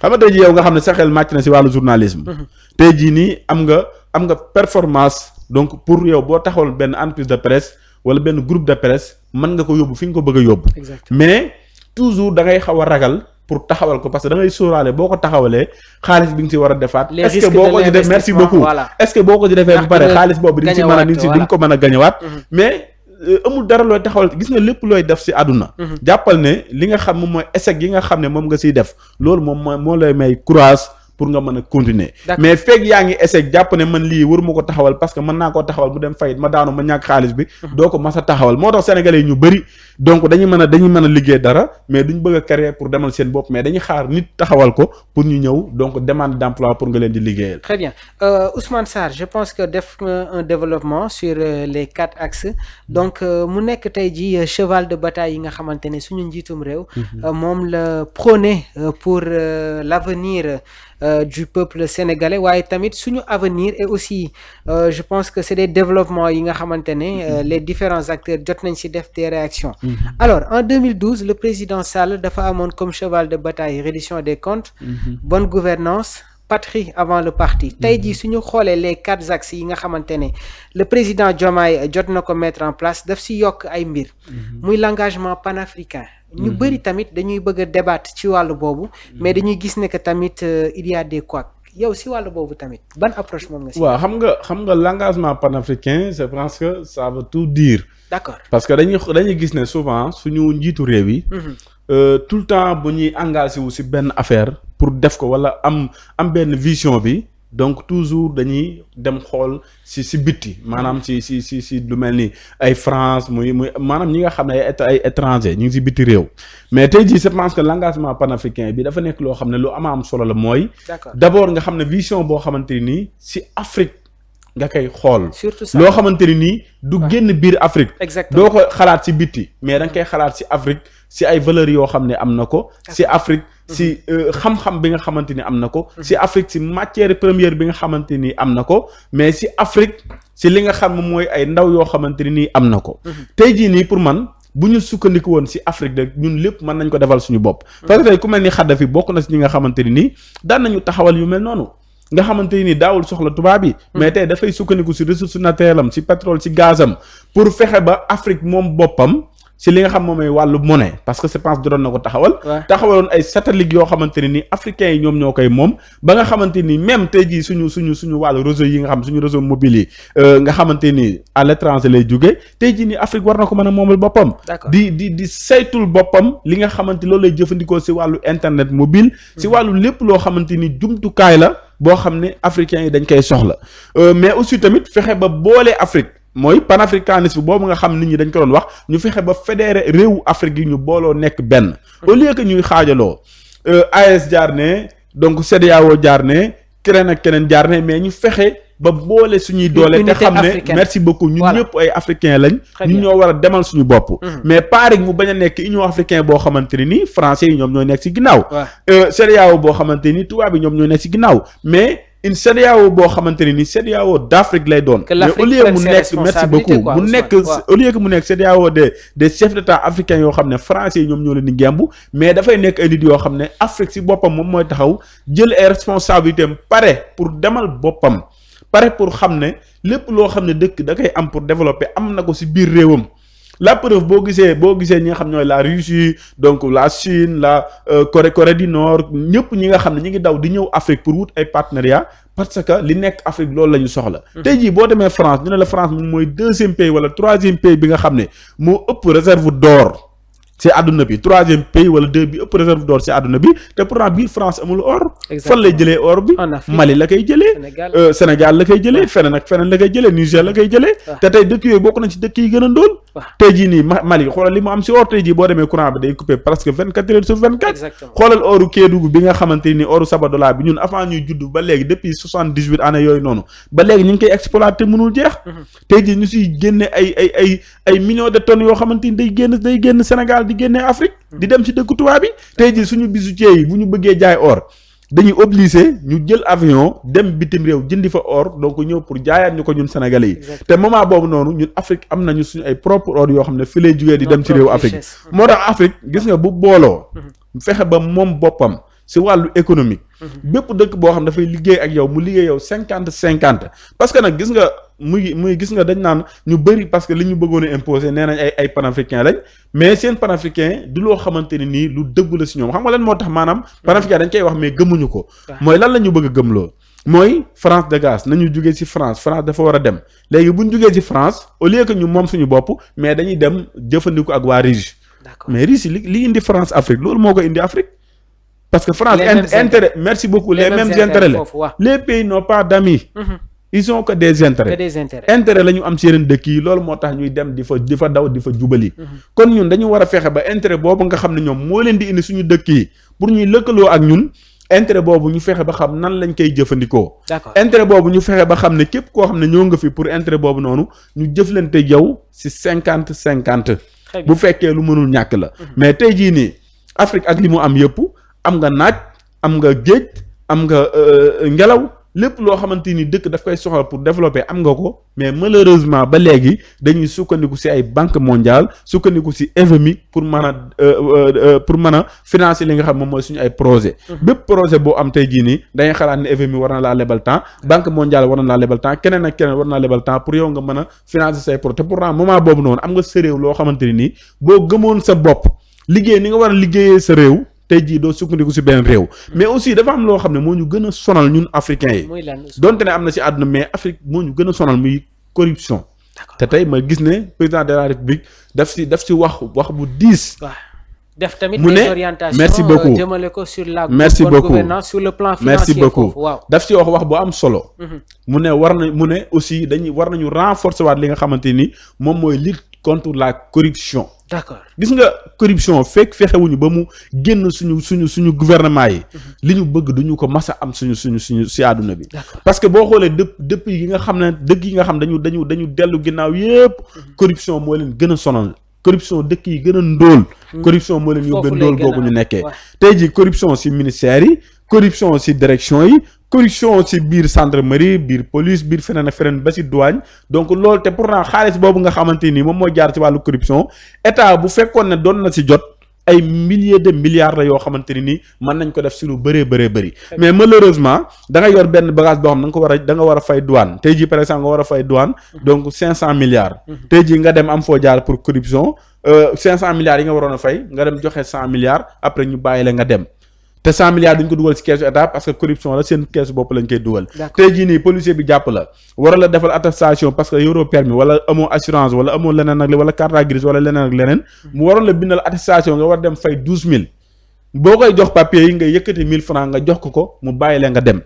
xam nga tey jii yow nga xam ne sa xel màcc na si wàllu journalisme. Mhm. tey jii nii am nga am nga performance donc pour yow boo taxawal benn entreprise de presse wala benn groupe de presse mën nga ko yóbbu fi nga ko bëgg a yóbbu. mais toujours da ngay xaw a ragal. pour taxawal ko parce que da boo ko taxawalee xaalis bi nga si war a defaat. est-ce que boo ko di def merci beaucoup est-ce que boo ko di defee ba pare xaalis boobu di nga a ko mën a gañewaat mhm. mais euh, amul dara looy taxawal gis nga lépp looy def si àdduna mhm. jàppal ne li nga xam moom mooy échec yi nga xam ne moom nga siy def loolu moom moo lay may courage pour nga mën a continuer mais fekk yaa ngi essayé jàpp ne man lii waruma ko taxawal parce que mën naa koo taxawal mu dem fayit ma daanu ma ñàkk xaalis bi mhm. doo ko mas a taxawal moo tax sénégalais yi ñu bëri donc dañuy mën a dañuy mën a liggéey dara mais duñ bëgg a créer pour demal seen bopp mais dañuy xaar nit taxawal ko pour ñu ñëw donc demande d'emploi pour nga leen di liggéeyal très bien euh, Ousmane Sarr je pense que def un développement sur euh, les quatre axes donc euh, mu nekk tey ji euh, cheval de bataille yi nga xamante ne suñu njiitum réew mhm. moom la prôné pour l'avenir Euh, du peuple sénégalais waaye tamit suñu avenir et aussi euh, je pense que c'est des développements yi nga xamante ne euh, les différents acteurs jot nañ ci def des réactions mm-hmm. alors en 2012 le président Sall dafa amoon comme cheval de bataille reddition des comptes mm-hmm. bonne gouvernance patrie avant le parti mm-hmm. tey jii suñu xoolee les quatre axes yi nga xamante ne le président Diomaye jot na ko mettre en place daf ci yokk ay mbir muy l'engagement panafricain ñu mhm. bëri tamit dañuy bëgg a débattre ci wàllu boobu. mais mhm. dañuy gis ne que tamit euh, il y a des couacs yow si wàllu boobu tamit ban approche moom nga si. waaw xam nga xam nga l'engagement panafricain je pense que ça veut tout dire. parce que dañu dañuy gis ne souvent suñu njiitu réew yi. Mhm. Euh, tout le temps bu ñuy engagé wu si benn affaire pour def ko wala am am benn vision bi. donc toujours dañuy dem xool si si bitti maanaam si si si si lu mel ni ay France muy muy maanaam ñi nga xam ne ay étranger ñu ngi si bitti réew mais tey jii je pense que l'engagement panafricain bi dafa nekk loo xam ne lu ama am solo la mooy d'abord nga xam ne vision boo xamante nii si Afrique nga koy xool loo xamante ni nii du génn biir Afrique doo ko xalaat si bitti mais da nga koy xalaat si Afrique si ay valeurs yoo xam ne am na ko si Afrique si euh, xam-xam bi nga xamante ni am na ko. Mhm. si Afrique si matière première bi nga xamante ni am na ko mais si Afrique si li nga xam mooy ay ndaw yoo xamante ni nii am na ko. Mhm. tey jii nii pour man. bu ñu sukkandiku woon ci Afrique de ñun lépp mën nañ ko defal suñu bopp. Mhm. parce que tey ku mel ni Xaddafi bokk na si ñi nga xamante ni nii daan nañu taxawal yu mel noonu. nga xamante nii daawul soxla tubaab yi. mais tey dafay sukkandiku ci ressource naturelle am ci pétrole ci gazam pour fexe ba Afrique moom boppam. ci li nga xam moom mooy wàllu monnaie parce que je pense doon na ko taxawal. taxawaloon ay satellite yoo xamante ne ni africains yi ñoom ñoo koy moom ba nga xamante ni même tey ji suñu suñu suñu wàllu réseau yi nga xam suñu réseau mobile yi euh, nga xamante ni à l'étranger lay jóge tey jii ni Afrique war na ko mën a moomal boppam. di di di saytul boppam li nga xamante loolu lay jëfandikoo si wàllu internet mobile. si hmm. wàllu lépp loo xamante ni jumtukaay la boo xam ne africains yi dañ koy soxla euh, mais aussi tamit fexe ba boole Afrique. mooy panafricanisme boobu nga xam nit ñi dañ ko doon wax ñu fexe ba fédéré réewu Afrique yi ñu booloo nekk benn. Hmm. au lieu que ñuy xaajaloo euh, AES jaar ne donc CEDEAO jaar ne keneen ak keneen jaar ne mais ñu fexe. ba boole suñuy doole te xam ne merci beaucoup ñun ñëpp ay africain lañ ñun ñoo war a demal suñu bopp hmm. mais pari mu bañ a nekk union africain boo xamante ne ni français yi ñoom ñooy nekk si ginnaaw euh, CEDEAO boo xamante ni tubaab yi ñoom ñooy nekk si ginnaaw mais une CEDEAO boo xamante ne ni CEDEAO d'Afrique lay doon. mais au lieu mu nekk merci beaucoup mu nekk au que mu nekk CEDEAO des des chefs d'État africains yoo xam ne français yi ñoom ñoo leen di gemb mais dafay nekk ay nit yoo xam ne Afrique si boppam moom mooy taxaw jël ay responsabilités am pare pour demal boppam pare pour xam ne lépp loo xam ne dëkk da koy am pour développer am na ko si biir réewam. la preuve boo gisee boo gisee ñi nga xam ñooy la Russie donc la Chine la euh, Corée Corée du Nord ñëpp ñi nga xam ne ñu ngi daw di ñëw Afrique pour wut ay partenariat parce que li nekk Afrique loolu la ñu soxla. Mhm. tey jii boo demee France ñu ne la France moom mooy deuxième pays wala troisième pays bi nga xam ne moo ëpp réserve d'or si àdduna bi troisième pays wala deux bi ëpp réserve d'or si àdduna bi te pourtant biir France amul or. fan lay jëlee or bi. Mali la koy jëlee. Sénégal euh, la koy jëlee. feneen ak feneen la koy jëlee Niger la koy jëlee. te tey dëkk bokk nañ ci dëkk yi gën a ndóol tey jii nii Mali xoolal li mu am si or tey jii boo demee courant bi day coupé presque vingt quatre heures sur vingt quatre xoolal oru Kédougou bi nga xamante ni oru Sabadola bi ñun avant ñuy judd ba léegi depuis soixante dix huit année yooyu noonu ba léegi ñu ngi koy exploité mënul jeex mhm. tey jii ñu siy génne ay ay ay ay millions de tonnes yoo xamante ni day génn day génn Sénégal di génne Afrique di mhm. dem si dëkku tubaab bi tey jii suñu bijoutier yi bu ñu bëggee jaay or dañuy obligé ñu jël avion dem bitim réew jëndi fa or donc ñëw pour jaayaat ñu ko ñun sénégalais yi te moment boobu noonu ñun Afrique am nañu suñu ay propre or yoo xam ne fi lay jugee di dem ci réew Afrique moo tax Afrique gis nga bu booloo mhm. fexe ba moom boppam si wàllu économique. Mhm. bépp dëkk boo xam dafay liggéey ak yow mu liggéey yow cinquante cinquante parce que nag gis nga muy muy gis nga dañ naan ñu bëri parce que li ñu bëggoon a imposer nee nañ ay ay panafricain lañ mais seen panafricain du loo xamante ne nii lu dëgg la si ñoom xam nga leen moo tax maanaam. Mhm. panafricain dañ koy wax mais gëmuñu ko. mooy lan la ñu bëgg a gëmloo. mooy France de gaz nañu jugee si France France dafa war a dem léegi bu ñu jugee ci France au lieu que ñu moom suñu bopp mais dañuy dem jëfandiku ak waa mais Russie France Afrique loolu moo ko indi parce que France intérêt merci beaucoup les, les mêmes intérêts la les pays n'ont pas d'amis mhm. ils ont que des intérêts intérêt la ñu am si yeneen dëkk yi loolu moo tax ñuy dem di fa di fa daw di fa jubali mhm. kon ñun dañu war a fexe ba intérêt boobu nga xam ne ñoom moo leen di indi suñu dëkk yi pour ñuy lëkkaloo ak ñun intérêt boobu ñu fexe ba xam nan lañ koy jëfandikoo intérêt boobu ñu fexe ba xam ne képp koo xam ne ñoo nga fi pour intérêt boobu noonu ñu jëflante yow si cinquante cinquante bu fekkee lu mënul ñàkk la mhm. mais tey jii nii Afrique ak li mu am yëpp am nga naaj am nga géej am nga euh, ngelaw lépp loo xamante ni dëkk daf koy soxla pour développer am nga ko mais malheureusement ba léegi dañuy sukkandiku ci ay banque mondiale sukkandiku ci FMI pour mën a euh, euh, pour mën a financer li nga xam moom mooy suñu ay projet mhm. bépp projet boo am tey jii nii dañuy xalaat ne FMI war na laa lebal temps banque mondiale war na laa lebal temps keneen ak keneen war na laa lebal temps pour yow nga mën a financer say projet te pourtant moment boobu noonu am nga sa réew loo xamante ni nii boo gëmoon sa bopp liggéey ni nga war a liggéeyee sa réew tey jii doo sukkandiku si benn réew. mais aussi dafa am loo xam ne moo ñu gën a sonal ñun africains yi. donte ne am na si àdduna mais Afrique moo ñu gën sonal muy corruption. te tey ma gis ne président de la république daf si daf si wax wax bu diis. def tamit des orientations merci euh, beaucoup jëmale ko sur la merci bonne gouvernance sur le plan financier merci beaucoup waaw daf ci wax wax bu am solo. Mhm. mu ne war na mu ne aussi dañuy war nañu renforcer waat li nga xamante ni moom mooy lutte contre la corruption. d'accord gis nga corruption fekk fexewuñu ba mu génn suñu suñu suñu gouvernement yi. Mhm. li ñu bëgg duñu ko mas a am suñu suñu suñu si àdduna bi. parce que boo xoolee dëpp dëpp yi nga xam ne dëkk yi nga xam dañu dañu dañu dellu ginnaaw yépp mhm. corruption moo leen gën a sonal. corruption dëkk yi gën a ndóol. Mhm. corruption moo leen yóbbee ndóol googu ñu nekkee. tey jii corruption si ministères yi. corruption si direction yi corruption ci biir gendarmerie biir police biir feneen ak feneen ba ci douane donc loolu te pourtant xaalis boobu nga xamante ni moom moo jaar ci wàllu corruption état bu fekkoon ne doon na ci jot ay milliers de milliards la yoo xamante ne ni mën nañ ko def ci lu bëree bëree bëri. mais malheureusement da nga yor benn bagage boo xam da nga ko war a da nga war a fay douane tey ji par exemple nga war a fay douane. Mhm. donc 500 milliards. Mhm. tey jii nga dem am foo jaar pour corruption 500 euh, milliards yi nga waroon fay nga dem joxe 100 milliards après ñu bàyyi la nga dem. te 100 milliards duñ ko dugal ci keesu état parce que corruption la seen keesu bopp lañ koy dugal. tey jii nii policier bi jàpp la war a la defal attestation parce que yoroo permis wala amoo assurance wala amoo leneen ak wala carte grise wala leneen ak leneen. mu waroon la bindal attestation nga war dem fay 12000. boo koy jox papier yi nga yëkkati 1000 francs nga jox ko ko mu bàyyi la nga dem.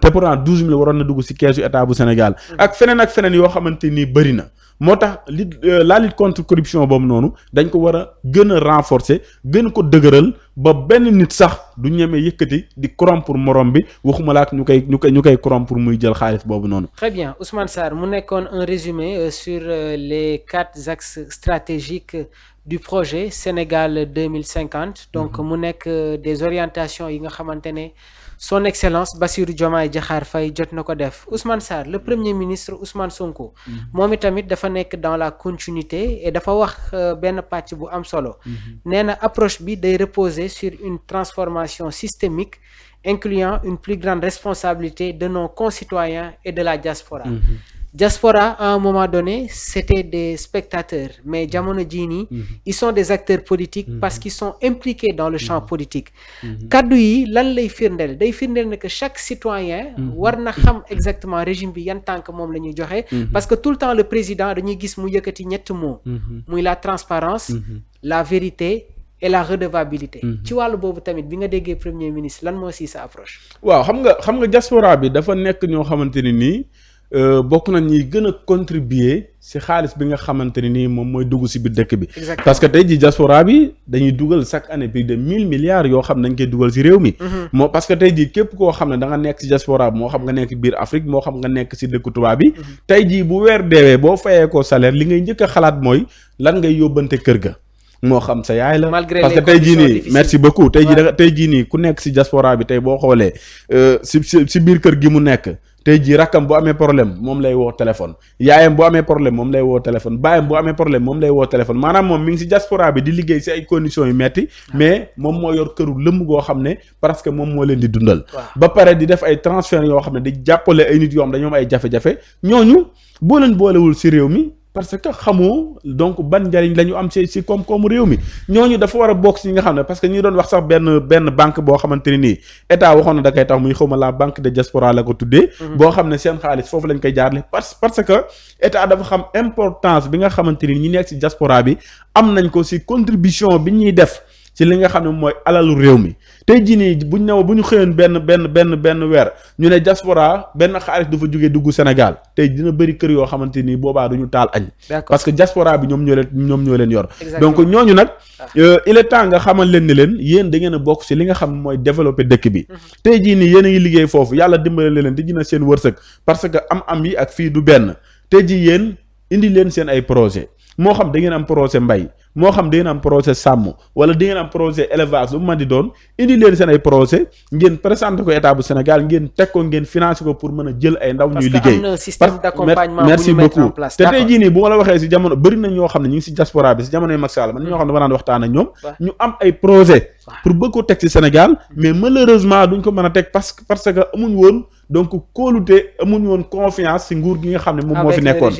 te pourtant douze mille waroon na dugg si keesu état bu Sénégal. Mm. ak feneen ak feneen yoo xamante ni bëri na. moo tax li euh, la lutte contre corruption boobu noonu dañ ko war a gën a renforcer gën ko dëgëral ba benn nit sax du ñeme yëkkati di corrompre morom bi waxuma laak ñu koy ñu koy ñu koy corrompre muy jël xaalis boobu noonu. très bien Ousmane Sarr mu nekkoon un résumé euh, sur euh, les quatre axes stratégiques du projet Sénégal deux mille cinquante donc mm-hmm. mu nekk des orientations yi nga xamante ne. son excellence Bassirou Diomaye Diakhar fay jot na ko def Ousmane Sarr le premier ministre Ousmane Sonko. Mhm. moom itamit dafa nekk dans la continuité et dafa wax euh, benn pàcc bu am solo. Mhm. nee na approche bi day reposer sur une transformation systémique. incluant une plus grande responsabilité de nos concitoyens et de la diaspora. Mhm. diaspora à un moment donné c'était des spectateurs mais jamono jii nii mhm. ils sont des acteurs politiques mhm. parce qu'ils sont impliqués dans le champ mhm. politique kaddu yi lan lay firndeel day firndeel na que chaque citoyen war na xam exactement régime bi yan tànk moom la ñuy joxe parce que tout le temps le président dañuy gis mu yëkkati ñett mots muy la transparence la vérité et la redevabilité. ci wàllu boobu tamit bi nga déggee premier ministre lan moo si sa approche. waaw xam nga xam nga diaspora bi dafa nekk ñoo xamante ni nii Euh, bokk nañ ñuy gën a contribuer si xaalis bi nga xamante ne nii moom mooy dugg si biir dëkk bi. parce que tey ji diaspora bi dañuy dugal chaque année de mille milliards yoo xam dañ koy dugal si réew mi. Mhm. moo parce que tey jii képp koo xam ne da nga nekk si diaspora bi moo xam nga nekk biir Afrique moo xam nga nekk si dëkk tubaab bi. Mhm. tey ji bu weer deewee boo fayee ko salaire li ngay njëkk xalaat mooy lan ngay yóbbante kër ga. moo xam sa yaay la. parce que tey jii nii merci beaucoup tey jii da tey jii nii ku nekk si diaspora bi tey boo xoolee euh, si si biir kër gi mu nekk. tey jii rakkam bu amee problème moom lay woo téléphone yaayam bu amee problème moom lay woo téléphone baayam bu amee problème moom lay woo téléphone maanaam moom mi ngi si diaspora bi di liggéey si ay conditions yu metti mais moom moo yor këru lëmm goo xam ne parce que moom moo leen di dundal. ba pare di def ay transfert yoo xam ne di jàppale ay nit yoo xam dañoo ay jafe-jafe boo leen boolewul si réew mi. parce que xamu donc ban njariñ la ñu am ci ci koom-koomu réew mi ñoo ñu dafa war a bokk si ñi nga xam ne parce que ñu doon wax sax benn benn banque boo xamante ne nii état waxoon na da koy tax muy xawma la banque de diaspora la ko tuddee. Mhm. boo xam ne seen xaalis foofu lañ koy jaarale parce parce que état dafa xam importance bi nga xamante ni ñu nekk ci jaspora bi am nañ ko ci contribution bi ñuy def. ci li nga xam ne mooy alalu réew mi tey jii nii bu ñu ne bu ñu xëyoon benn benn benn benn weer ñu ne diaspora benn xaalis dafa jógee dugg Sénégal tey dina bëri kër yoo xamante ni boobaa du ñu taal añ. parce que diaspora bi ñoom ñoo leen ñoom ñoo leen yor. donc ñooñu nag. Ah. Euh, il est temps nga xamal leen ni leen yéen da ngeen bokk ci li nga xam mooy développer dëkk bi. Mhm. tey jii nii yéen a ngi liggéey foofu yàlla dimbale leen te dina seen wërsëg parce que am-am yi ak fii du benn tey jii yéen indi leen seen ay projet moo xam da ngeen am projet mbay moo xam da ngeen am projet sàmm wala da am projet élevage lu mu di doon indi leen seen ay projet ngeen présenté ko état Sénégal ngeen teg ko ngeen financé ko pour mën a jël ay ndaw ñuy liggéey parce que te tey jii bu ma la waxee si jamono bëri ñoo xam ne ñu ngi si diaspora bi si jamono mag sall ñoo xam ne dama naan waxtaan ñoom ñu am ay projet pour bëgg ko teg si Sénégal mais malheureusement duñ ko mën a teg donc kóolute amuñu woon confiance ci nguur gi nga xam ne moom moo fi nekkoon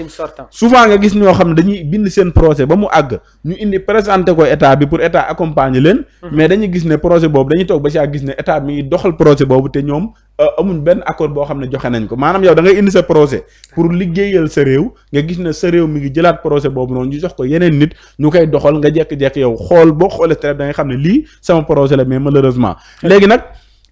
souvent nga gis ñoo xam ne dañuy bind seen projet ba mu àgg ñu indi présenté ko état bi pour état accompagner leen mhm. mais dañuy gis ne projet boobu dañuy toog ba ci ak gis ne état mi ngi doxal projet boobu te ñoom euh, amuñ benn accord boo xam ne joxe nañ ko maanaam yow da indi sa projet pour liggéeyal sa réew nga gis ne sa réew mi ngi jëlaat projet boobu noonu ñu jox ko yeneen ñu koy doxal nga jekk-jekk yow xool boo xoolee da ngay xam ne lii sama projet la mais malheureusement léegi nag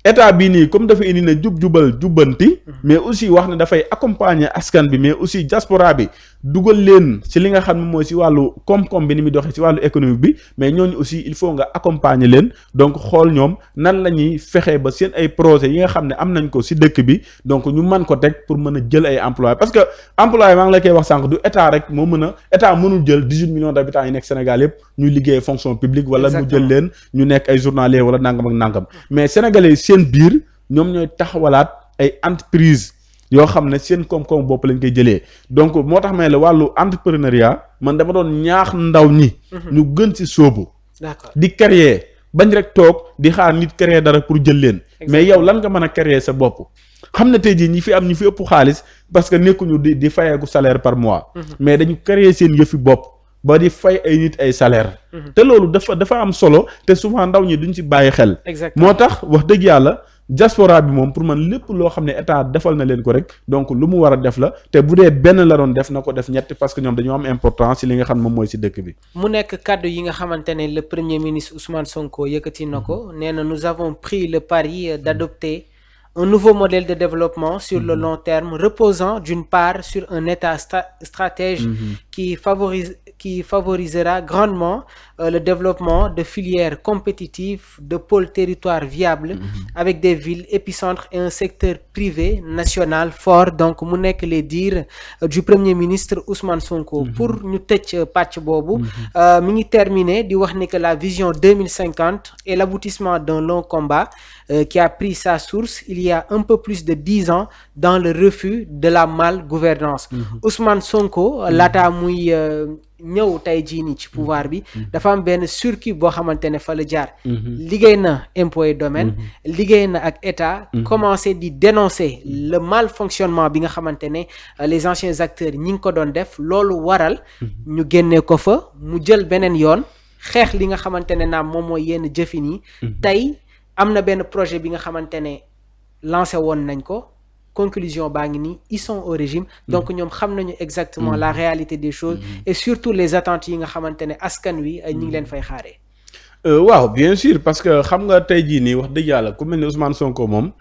état bi nii comme dafa indi ne jub jubal jubbanti. Mm-hmm. mais aussi wax ne dafay accompagner askan bi mais aussi diaspora bi dugal leen ci li nga xam ne mooy ci wàllu koom-koom bi ni muy doxee ci wàllu économique bi mais ñooñu aussi il faut nga accompagner leen donc xool ñoom nan la ñuy fexee ba seen ay projets yi nga xam ne am nañ ko ci dëkk bi donc ñu mën ko teg pour mën a jël ay employés parce que employé maa ngi la koy wax sànq du état rek moo mën a état mënul jël dix-huit millions d'habitants yi nekk Sénégal yëpp ñu liggéey fonction publique wala mu jël leen ñu nekk ay journaliers wala nangam nangam mais sénégalais seen biir ñoom ñooy taxawalaat ay entreprise yoo xam ne seen koom-koom bopp lañ koy jëlee donc moo tax may la wàllu entrepreneuriat man dama doon ñaax ndaw ñi. Mhm. ñu gën ci sóobu. d'accord di créer bañ rek toog di xaar nit créer dara pour jël leen. mais yow lan nga mën a créer sa bopp. xam na tey jii ñi fi am ñi fi ëpp xaalis parce que nekkuñu di di fayeeku salaire par mois. Mhm. mais dañu créer seen yëfi bopp. ba di fay ay nit ay salaire mhm. te loolu dafa dafa am solo te souvent ndaw ñi duñ si bàyyi xel. moo tax wax dëgg yàlla diaspora bi moom pour man lépp loo xam ne état defal na leen ko rek donc lu mu war a def la te bu dee benn la doon def na ko def ñett parce que ñoom dañoo am importance ci li nga xam moom mooy ci dëkk bi. mu nekk kàddu yi nga xamante ne le premier ministre Ousmane Sonko yëkkati na ko mm-hmm. nee na nous avons pris le pari d'adopter un nouveau modèle de développement sur le mm-hmm. long terme reposant d'une part sur un état sta stratège. Mm qui, favorise, qui favorisera grandement euh, le développement de filières compétitives, de pôles territoire viables, mhm. avec des villes épicentres et un secteur privé national fort. Donc, mu nekk les dires euh, du Premier ministre Ousmane Sonko. Mhm. Pour ñu tëj euh, pàcc boobu. Mhm. Euh, mi ngi terminer di wax ne que la vision 2050 est l'aboutissement d'un long combat euh, qui a pris sa source il y a un peu plus de dix ans dans le refus de la male gouvernance -hmm. Sonko muy euh, ñëw tey jii nii ci pouvoir bi mhm. dafa am benn circuit boo xamante ne fa la jaar mhm. liggéey na impôt et domaine mhm. liggéey na ak état commencé di dénoncer le mal fonctionnement bi nga xamante ne euh, les anciens acteurs ñi ngi ko doon def loolu waral ñu génnee ko fa mu jël beneen yoon xeex li nga xamante ne naam moom mooy yenn jëfin yi tey am na benn projet bi nga xamante ne lancé woon nañ ko conclusion baa ngi nii ils sont au régime donc mm. ñoom xam nañu exactement la mm. réalité des choses mm. et surtout les attentes yi nga xamante ne askan wi euh, ñi leen fay xaaree euh, waaw bien sûr parce que xam nga tey jii nii wax dëgg yàlla ku mel ni Ousmane Sonko moom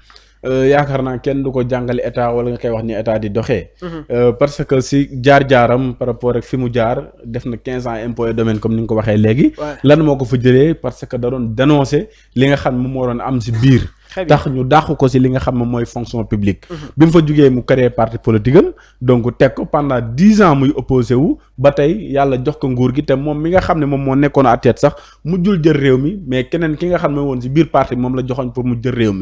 euh, yaakaar naa kenn du ko jàngale état wala nga koy wax ni état di doxee mm-hmm. parce que si jaar-jaaram par rapport ak fi mu jaar def na quinze ans impôt et domaine comme ni nga ko waxee léegi lan moo ko fa jëlee parce que da doon dénoncer li nga xam moom moo doon am si tax ñu dàq ko si li nga xam ne mooy fonction publique. Mhm. bi mu fa jugee mu créé parti politique am donc teg ko pendant dix ans muy opposé wu ba tey yàlla jox ko nguur gi te moom mi nga xam ne moom moo nekkoon à sax mu jul jël réew mi mais keneen ki nga xam ne woon si biir parti moom la joxoñ pour mu jël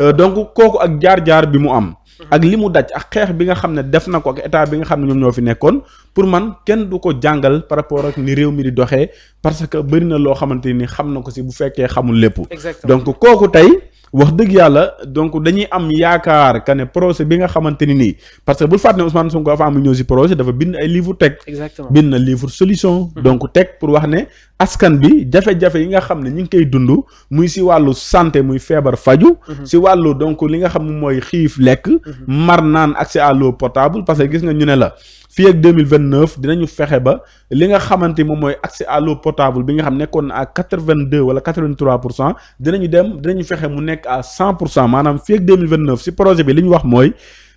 euh, donc kooku ak jaar-jaar bi mu am. Mhm. ak li mu daj ak xeex bi nga xam ne def na ko ak état bi nga xam ne ñoom ñoo fi nekkoon pour man kenn du ko jàngal par rapport ak ni réew mi di doxee parce que bëri na loo xamante ni xam na ko si bu fekkee xamul lépp. donc kooku tey wax dëgg yàlla donc dañuy am yaakaar que ne procès bi nga xamante ni nii parce que bul fàtte ne Ousmane Sonko avant mu ñëw si procès dafa bind ay livre teg. exactement bind na livre solution. Mm-hmm. donc teg pour wax ne askan bi jafe-jafe yi nga xam ne ñu ngi koy dund muy si wàllu sante muy feebar faju mm-hmm. si wàllu donc li nga xam mooy xiif lekk. Mm-hmm. mar naan ak à l'eau potable parce que gis nga ñu ne la. fii ak deux mille vingt neuf dinañu fexe ba li nga xamante moom mooy accès à l'eau potable bi nga xam nekkoon na à quatre vingt deux wala quatre vingt trois pour cent dinañu dem dinañu fexe mu nekk à cent pour cent maanaam fii ak deux mille vingt neuf si projet bi li ñu wax mooy.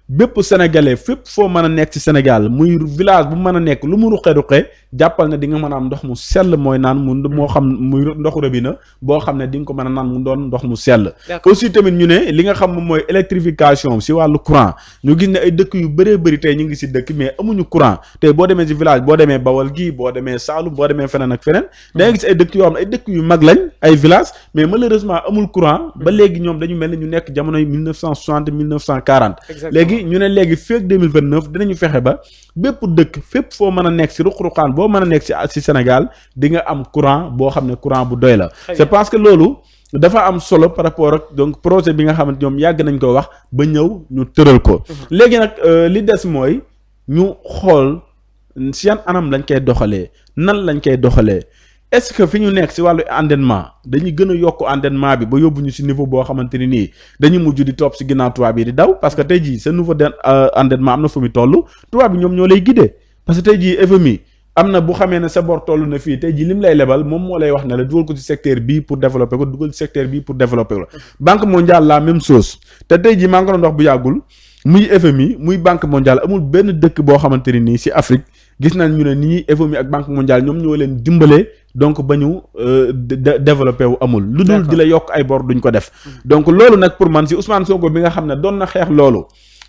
bépp sénégalais fépp foo mën a nekk ci Sénégal muy village bu mën a nekk lu mu ruqe ruqe jàppal na di nga mën a am ndox mu sell mooy naan mu hmm. moo xam muy ndoxu robinet boo xam ne di nga ko mën a naan mu doon ndox mu sell aussi tamit ñu ne li nga xam moom mooy électrification si wàllu courant ñu gis ne ay dëkk yu bëree bëri tey ñu ngi si dëkk mais amuñu courant tey boo demee si village boo demee Bawol gii boo demee Saalum boo demee feneen ak feneen hmm. da nga gis ay dëkk yoo xam ne ay dëkk yu mag lañ ay village mais malheureusement amul courant ba hmm. léegi ñoom dañu mel ne ñu nekk jamonoy 1960 bi ñu ne léegi feeg 2029 dinañu fexe ba bépp dëkk fépp foo mën a nekk si ruq-ruqaan boo mën a nekk si si Sénégal di am courant boo xam ne courant bu doy la c'est parce que loolu dafa am solo par rapport ak donc projet bi nga xamante ñoom yàgg nañ ko wax ba ñëw ñu tëral ko mm-hmm. léegi nag euh, li des mooy ñu xool si yan anam lañ koy doxalee nan lañ koy doxalee est-ce que fi ñu nekk si wàllu endettement dañuy gën a yokk endettement bi ba yóbbu ñu si niveau boo xamante ni nii dañuy mujj di topp si ginnaaw tubaab yi di daw parce que tey jii sa nouveau de euh, endettement am na fu mu toll tubaab yi ñoom ñoo lay guider parce que tey ji FMI am na bu xamee ne sa bor toll na fii tey jii lim lay lebal moom moo lay wax ne la dugal ko ci secteur bii pour développer ko dugal ci secteur bii pour développer ko banque mondiale la même chose te tey jii maa ngi ko doon wax bu muy FMI muy amul benn dëkk boo xamante ni nii si Afrique gis nañ ñu ne ni ñuy FMI banque mondiale ñoom ñoo leen dimbalee donc ba ñu euh, développé wu amul. lu dul di la yokk ay bor duñ ko def. Mm. donc loolu nag pour man si Ousmane Sonko bi nga xam ne doon na xeex loolu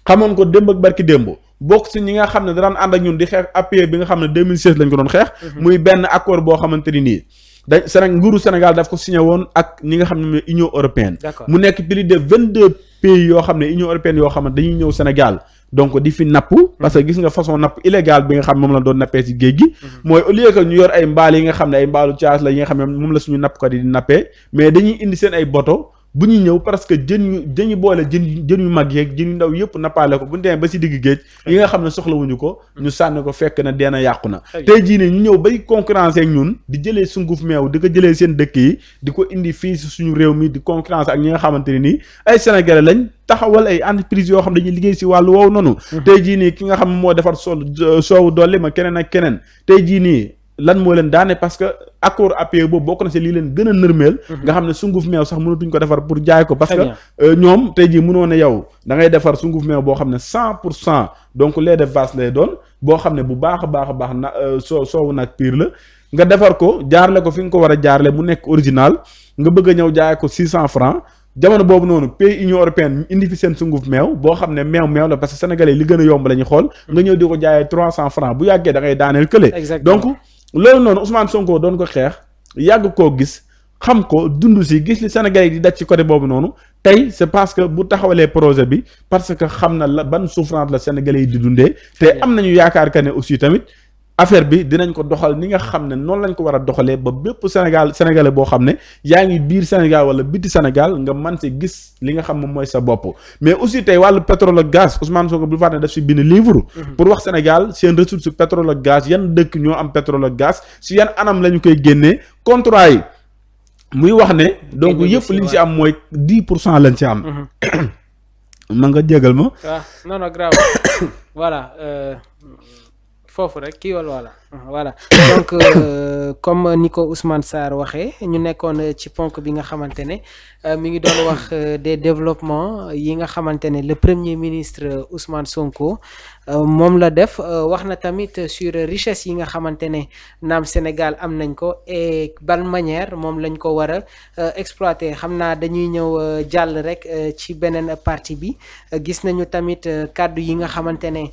xamoon ko démb ak barki démb. bokk si ñi nga xam ne daan ànd ak ñun di xeex APE bi nga xam ne deux 2016 lañ ko doon xeex. Mm-hmm. muy benn accord boo xamante ni nii. dañ Sénégal nguuru Sénégal daf ko signé woon ak ñi nga xam ne mooy Union européenne. mu nekk plus de 22 pays yoo xam ne Union européenne yoo xam ne dañuy ñëw Sénégal. donc di fi napp parce que gis nga façon napp illégale bi nga xam moom la doon nappee ci géej gi mhm. mooy au lieu ñu yor ay mbaal yi nga xam ne ay mbaalu caas la yi nga xam ne moom la suñu nappkat yi di nappee mais dañuy indi seen ay boto bu ñu ñëw parce que jën ñu dañu boole jën jën yu mag yeeg jën yu ndaw yëpp nappaale ko bu ñu demee ba si digg géej yi nga xam ne soxlawuñu ko mm. ñu sànni ko fekk na deen a yàqu na tey jii ne ñu ñëw bay concurrence ak ñun di jëlee sunguf meew di ko jëlee seen dëkk yi di indi fii si suñu réew mi di concurrence ak ñi nga xamante ne nii ay sénégalais lañ taxawal ay entreprise yoo xam dañuy liggéey si wàllu woow noonu mm-hmm. tey jii nii ki nga xam moo defar so soowu dolli ma keneen ak keneen tey jii nii lan moo leen daane parce que accord APE boobu bokk na si lii leen gën a nërmeel mhm. nga xam ne sunguf meew sax mënatuñ ko defar pour jaay ko parce que euh, ñoom tey jii mënoo ne yow da ngay defar sunguf meew boo xam ne cent pour cent donc lait de vache lay doon boo xam ne bu baax a baax a baax na euh, soo soowu nag piir la nga defar ko jaarle ko fi nga ko war a jaarle mu nekk original nga bëgg ñëw jaay ko six cent francs jamono boobu noonu pays union européenne indi fi seen sunguf meew boo xam ne meew meew la parce que sénégalais li gën a yomb la ñu xool mhm. nga ñëw di ko jaayee bu yàggee da ngay daaneel kële donc loolu noonu Ousmane Sonko doon ko xeex yàgg koo gis xam ko dund si gis li Sénégal yi di daj ci côté boobu noonu tey c'est parce que bu taxawalee projet bi parce que xam na la ban souffrance la Sénégalais yi di dundee te am nañu yaakaar que ne aussi tamit affaire bi dinañ ko doxal ni nga xam ne noonu lañ ko war a doxalee ba bépp Sénégal sénégalais boo xam ne yaa ngi biir Sénégal wala biti Sénégal nga man si gis li nga xam moom mooy sa bopp mais aussi tey wàll pétrole ak gaz Ousmane Sonko bu fàtte ne def si bind livre mhm. pour wax Sénégal seen ressource pétrole ak gaz yan dëkk ñoo am pétrole ak gaz si yan anam la ñu koy génnee contrat yi muy wax ne donc yëpp liñ si am mooy dix pour cent lañ si am mhm. [coughs] man nga jégal ah, [coughs] voilà euh, foofu rek kii wal voilà voilà donc euh, [coughs] comme ni ko Ousmane Sarr waxee ñu nekkoon ci ponk bi nga xamante ne euh, mi ngi doon wax euh, des développement yi nga xamante ne le premier ministre Ousmane Sonko moom la def wax na tamit sur richesse yi nga xamante ne naam Sénégal am nañ ko et ban manière moom lañ ko war a exploiter xam naa dañuy ñëw jàll rek ci beneen partie bi gis nañu tamit kàddu yi nga xamante ne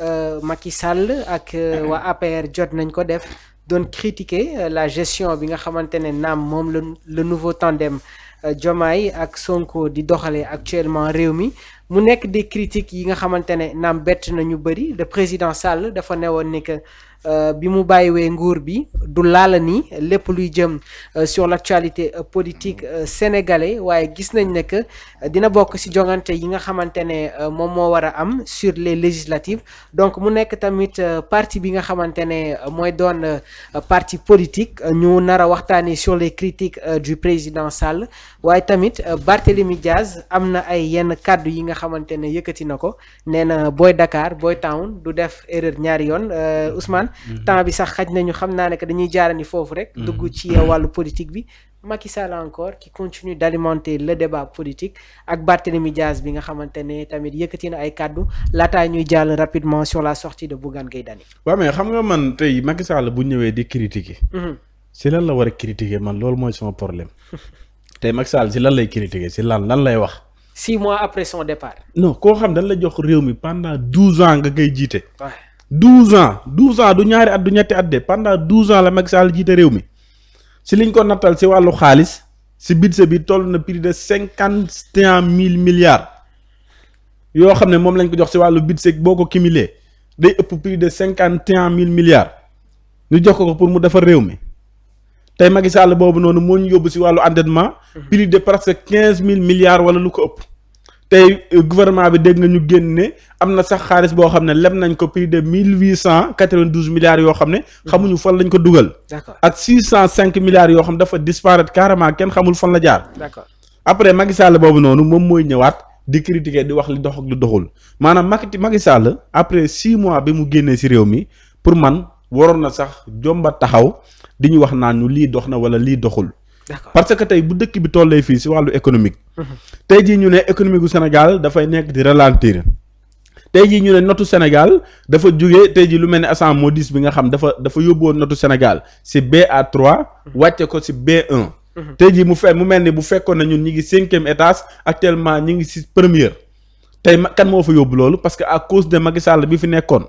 Euh, Macky Sall ak euh, waa APR jot nañ ko def doon critiquer euh, la gestion bi nga xamante ne naam moom la le nouveau tandem Diomaye ak Sonko di doxalee actuellement réew mi mu nekk des critiques yi nga xamante ne naam bett na ñu bëri le président Sall dafa newoon ni que. Euh, bi mu bàyyiwee nguur bi du laala ni lépp luy jëm euh, sur l'actualité euh, politique sénégalais waaye gis nañ ne que dina bokk ci jongante yi nga xamante ne moom moo war a am sur les législatives donc mu nekk tamit parti bi nga xamante ne mooy doon parti politique ñu nar a waxtaanee sur les critiques du président Sall waaye tamit Barthélemy Diaz am na ay yenn kàddu yi nga xamante ne yëkkati na ko nee na booy dakaar booy town du def erreur ñaari yoon Ousmane. Mhm. temps bi sax xaj nañu xam naa ne que dañuy jaarani foofu rek. Mhm. dugg ci euh, wàllu politique bi. Macky Sall encore qui continue d'alimenter le débat politique ak Barthélémy Diaz bi nga xamante tamit yëkkati na ay kàddu laataa ñuy jàll rapidement sur la sortie de Bougane Gueye Dany. waaw mais xam nga man tey Macky Sall bu ñëwee di critiquer. Mhm. si lan la war a critiquer man loolu mooy sama problème [laughs] tey Macky si lan lay critiquer si lan lan lay wax. six mois après son départ. douze ans douze ans du ñaari at du ñetti at de pendant douze ans la Macky Sall jiite réew mi si liñ ko nattal si wàllu xaalis si budget bi toll na prix de cinquante et mille milliards yoo xam ne moom lañ ko jox si wàllu budget boo ko cumulé day ëpp prix de cinquante et mille milliards ñu jox ko ko pour mu defar réew mi tey Macky Sall boobu noonu moo ñu yóbbu si wàllu endettement mmh. prix de presque quinze milliards wala lu ko ëpp. tey euh, gouvernement bi dégg nga ñu génn ne am na sax xaalis boo xam ne lem nañ ko prix de mille huit cent quatre vingt douze milliards yoo xam ne. xamuñu fan lañ ko dugal. ak six cent cinq milliards yoo xam dafa disparaître carrément kenn xamul fan la jaar. d'accord après Macky boobu noonu moom mooy ñëwaat di critiquer di wax li dox ak lu doxul maanaam Macky Macky Sall après six mois bi mu génnee ci réew mi pour man waroon na sax jomba taxaw di ñu wax naan ñu lii dox na wala lii doxul. parce que tey bu dëkk bi tollee fii si wàllu économique. tey jii ñu ne économique gu Sénégal dafay nekk di ralentir. tey jii ñu ne notu senegal dafa jóge tey jii lu mel ne Assane Modis bi nga xam dafa dafa yóbbuwoon notu Sénégal si BA3 wàcce ko si B1. tey jii mu fe mu mel ni bu fekkoon na ñun ñi ngi cinquième étage actuellement ñi ngi si première. tey kan moo fa yóbbu loolu parce que à cause de Macky Sall bi fi nekkoon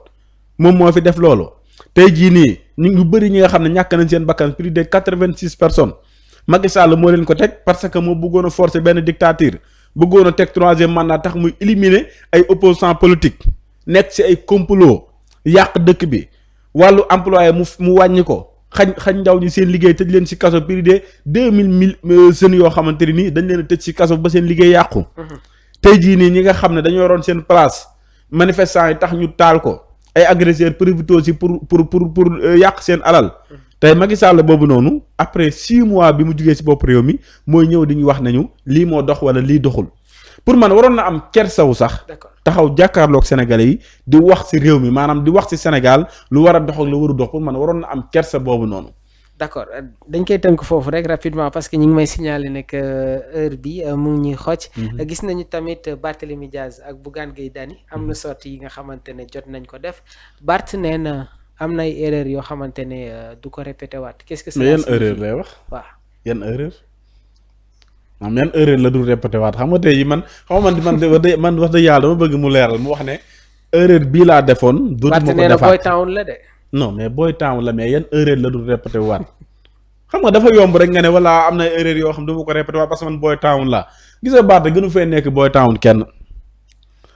moom moo fi def loolu. tey jii nii ñu bëri ñi nga xam ne ñàkk nañ seen bakkan plus de Macky Sall moo leen ko teg parce que moo bëggoon a forcer benn dictature bëggoon a teg man naa tax muy éliminer ay opposants politique nekk ci ay complot yàq dëkk bi wàllu employé mu mu wàññi ko xañ xañ ndaw ñi seen liggéey tëj leen ci kaso plus deux mille mille euh, jeunes yoo xamante ne nii dañ leen a tëj ci kaso ba seen liggéey yàqu. Mm-hmm. tey jii nii ñi nga xam ne dañoo yoroon seen place manifestants yi tax ñu taal ko ay agresseurs profité ci pour pour pour pour euh, yàq seen alal. Mm-hmm. tey Macky Sall boobu noonu après six mois bi mu jugee ci bopp réew mi mooy ñëw di ñu wax nañu lii moo dox wala lii doxul pour man waroon na am kersawu sax. taxaw jàkkaarloog sénégalais yi di wax ci réew mi maanaam di wax ci Sénégal lu war a dox ak war a dox pour man waroon na am kersa boobu noonu. d' accord euh, dañ koy tënk foofu rek rapidement parce que ñu ngi may signaler ne que euh, heure bi euh, mu ngi ñuy xooj. Mhm. gis nañu tamit Barthélémy Diaz ak Bougane Gueye Dany am na mhm. sorti yi nga xamante ne jot nañ ko def Bart nee na am na ay yoo xamante ne euh, du ko répété waat. qu'est-ce que ça mais yan erreur wax. waaw yan erreur. maanaam yan erreur la dul répété waat xam nga tey man xaw man man man wax dëgg yàlla dama bëgg mu leeral mu wax ne erreur bii laa defoon. dootuma ko defaat Boy Town la de. non mais Boy Town yan erreur la dul répété waat nga dafa yomb rek nga ne wala am na erreur yoo xam ne du ko répété waat parce que man Boy Town la gis nga baat gënu fee nekk Boy Town kenn.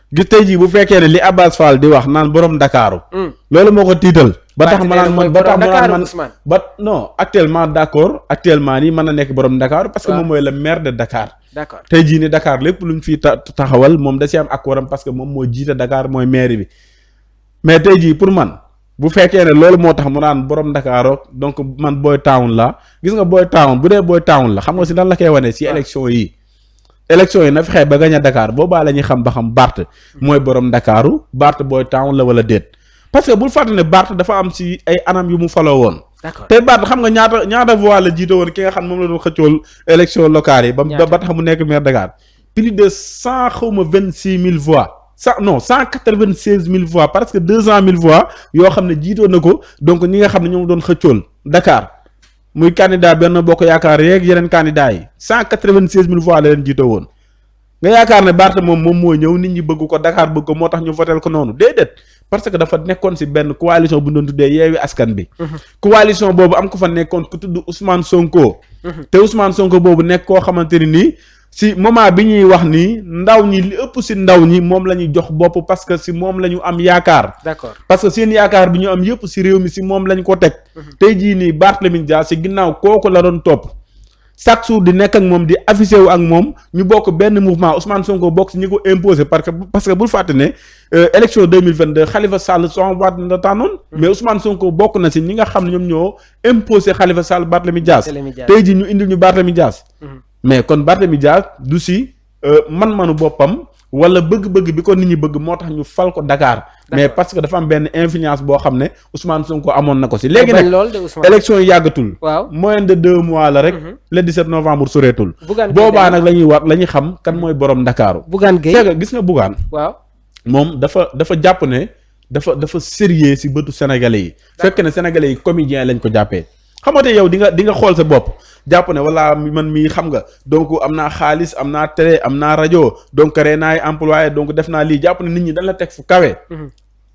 gis tey jii bu fekkee ne li Abbas Fall di wax naan borom Dakaaru mm. loolu moo ko tiital ba tax ma naan man ba ma naan man ba non actuellement d'accord actuellement nii mën na nekk borom Dakar parce que moom mooy le maire de Dakar tey jii ni Dakar lépp lu ñu fiy taxawal moom da si am ak waram parce que moom moo jiite Dakar mooy maire bi mais tey jii pour man bu fekkee ne loolu moo tax mu naan borom Dakar donc man boy town la gis nga boy town bu dee boy town la xam nga si lan la koy wane si élection yi élection yi na fexe ba gañ a Dakar boobaa la xam ba xam Barth mooy borom Dakaru Barth booy town la wala déet parce que bul fàtte ne Barth dafa am si ay anam yu mu faloo woon. d'accord te Barth xam nga ñaata ñaata voix la jiite woon ki nga xam moom la doon xëccool élection locale yi. ba ba tax mu nekk maire Dakar. plus de cent xaw ma vingt six mille voix cent non cent quatre vingt seize mille voix presque deux cent mille voix yoo xam ne jiitoon na ko donc ñi nga xam ne ñoom doon xëccool Dakar. muy candidat benn bokk yaakaar yeeg yeneen candidat yi cent quatre leen jiite woon nga yaakaar ne Barth moom moom moo ñëw nit ñi bëgg ko Dakar bëgg ko moo tax ñu votel ko noonu déedéet parce que dafa nekkoon si benn coalition bu ñu tuddee yeewi askan bi. Mhm. coalition boobu am ko fa nekkoon ku tudd Ousmane Sonko. Mhm. te Ousmane Sonko boobu nekk koo xamante nii. si moment bi ñuy wax ni ndaw ñi li ëpp si ndaw ñi moom la ñuy jox bopp parce que si moom lañu ñu am yaakaar. d'accord parce que seen yaakaar bi ñu am yëpp si réew mi si moom la ñu ko teg. Mhm. tey jii nii Barthélémy Dias si ginnaaw kooku la doon topp. chaque jour di nekk ak moom di affiché wu ak moom ñu bokk benn mouvement Ousmane Sonko bokk si ñi ko imposé parce que parce que bul fàtte ne euh, élection deux mille vingt deux Khalifa Sall son waat na tànnoon. mais Ousmane Sonko bokk na si ñi nga xam ne ñoom ñoo imposé Khalifa Sall Barthélémy Dias. tey jii ñu indil ñu Barthélémy Dias. Mhm. mais kon Barthélemy Dias du si euh, man-manu boppam wala bëgg-bëgg bi ko nit ñi bëgg moo tax ñu fal ko Dakar mais parce que dafa am benn influence boo xam ne Ousmane Sonko amoon na ko si léegi nag élection yi yàggatul waaw moins de mois la rek mhm. le 17 novembre soreetul boobaa nag la ñuy war la ñuy xam kan mooy borom ndakaaru Bougane Gueye c'est que gis nga Bougane waaw moom dafa dafa jàpp ne dafa dafa sérieux si bëtu sénégalais yi fekk ne sénégalais yi comédien lañ ko jàppee xamate yow di nga di xool sa bopp jàpp ne wala man mii xam nga donc am naa xaalis am naa télé am naa rajo donc créé naa ay waaye donc def naa lii jàpp ne nit ñi dañ la teg fu kawe. Mhm.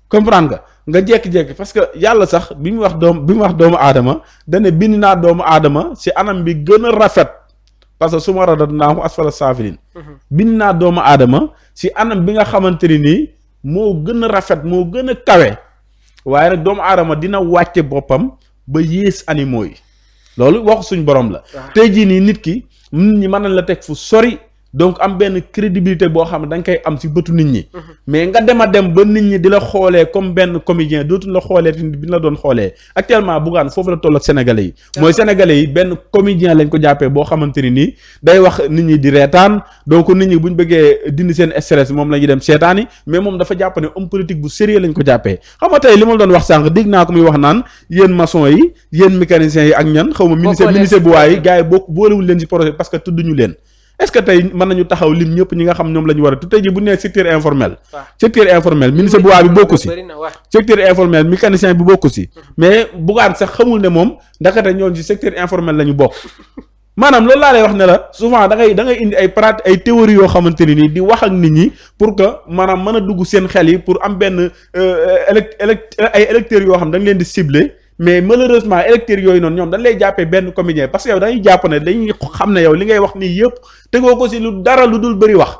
comprendre nga nga jékki-jékki parce que yàlla sax bi mu wax doom bi mu wax doomu aadama dane bind naa doomu aadama si anam bi gën a rafet parce que su ma radatnaahu asfala saafilin mhm. bind naa doomu aadama si anam bi nga xamante ni nii moo gën a rafet moo gën a kawe waaye doomu aadama dina wàcce boppam ba yées animaux yi loolu waxu suñ borom la. Ah. tey jii nii nit ki nit ñi mën nañ la teg fu sori. donc am benn crédibilité boo xam ne da nga koy am si bëtu nit ñi. Mhm. mais nga dem dem ba nit ñi di la xoolee comme benn comédien dootuñ la xoolee fi bi la doon xoolee actuellement Bougane foofu la toll ak sénégalais yi. mooy sénégalais yi benn comédien lañ ko jàppee boo xamante ni nii day wax nit ñi di reetaan donc nit ñi bu ñu bëggee dindi seen stress moom la ñuy dem seetaani mais moom dafa jàpp ne homme politique bu sérieux lañ ko jàppee xam nga tey li ma doon wax sànq dégg naa ko muy naan yéen maçon yi yéen mécaniciens yi ak ñan. xaw ma ministère ministère bu waay yi gars leen si projet parce que tudduñu leen est-ce que tey mën nañu taxaw lim ñëpp ñi nga xam ñoom lañu ñu war a tey ji bu nee secteur informel secteur informel ministre bu waa bi bokku si secteur informel mécanicien bi bokku si mm-hmm. mais bugaan sax xamul ne moom ndakate ñoon si secteur informel la bokk maanaam loolu laa lay wax ne la souvent dangay dangay indi ay prat ay théories yoo xamante ne nii di wax ak nit ñi pour que maanaam mën a dugg seen xel yi pour am benn euh, euh, élect élect ay électeurs yoo xam dañ leen di cibler mais malheureusement électeurs yooyu noonu ñoom dañ lay jàppee benn comédien parce que yow dañuy jàpp ne dañuy xam ne yow li ngay wax nii yëpp tegoo ko si lu dara lu dul bëri wax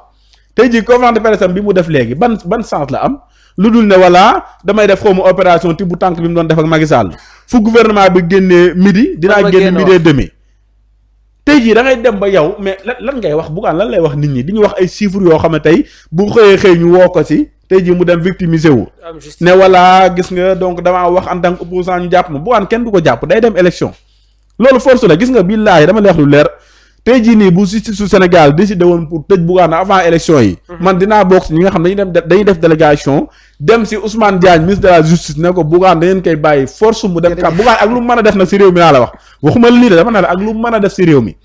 tey jii conférence de presse bi mu def léegi ban ban sens la am lu dul ne voilà damay def xawma opération ti bu tànk bi mu doon def ak Macky Sall fu gouvernement bi génnee midi dinaa génn midi demi tey jii da ngay dem ba yow mais lan lan ngay wax bugaan lan lay wax nit ñi di ñu wax ay chiffres yoo xam ne tey bu xëyee xëy ñu woo ko si tey jii mu dem victimiser wu. ne wala gis nga donc damaa wax en tant que ñu jàpp ma bu waan kenn du ko jàpp day dem élection. loolu force la gis nga billaahi dama leex lu leer tey jii nii bu justice su Sénégal décidé woon pour tëj Bougane avant élection yi. Mhm. man dinaa bokk si ñi nga xam dañuy dem dañuy def délégation dem si Ousmane Diagne ministre de la justice ne ko Bougane da ngeen koy bàyyi force mu dem. ka Bougane ak lu mën a def nag si réew mi laa la wax waxuma lii de dama mën a def si réew mi.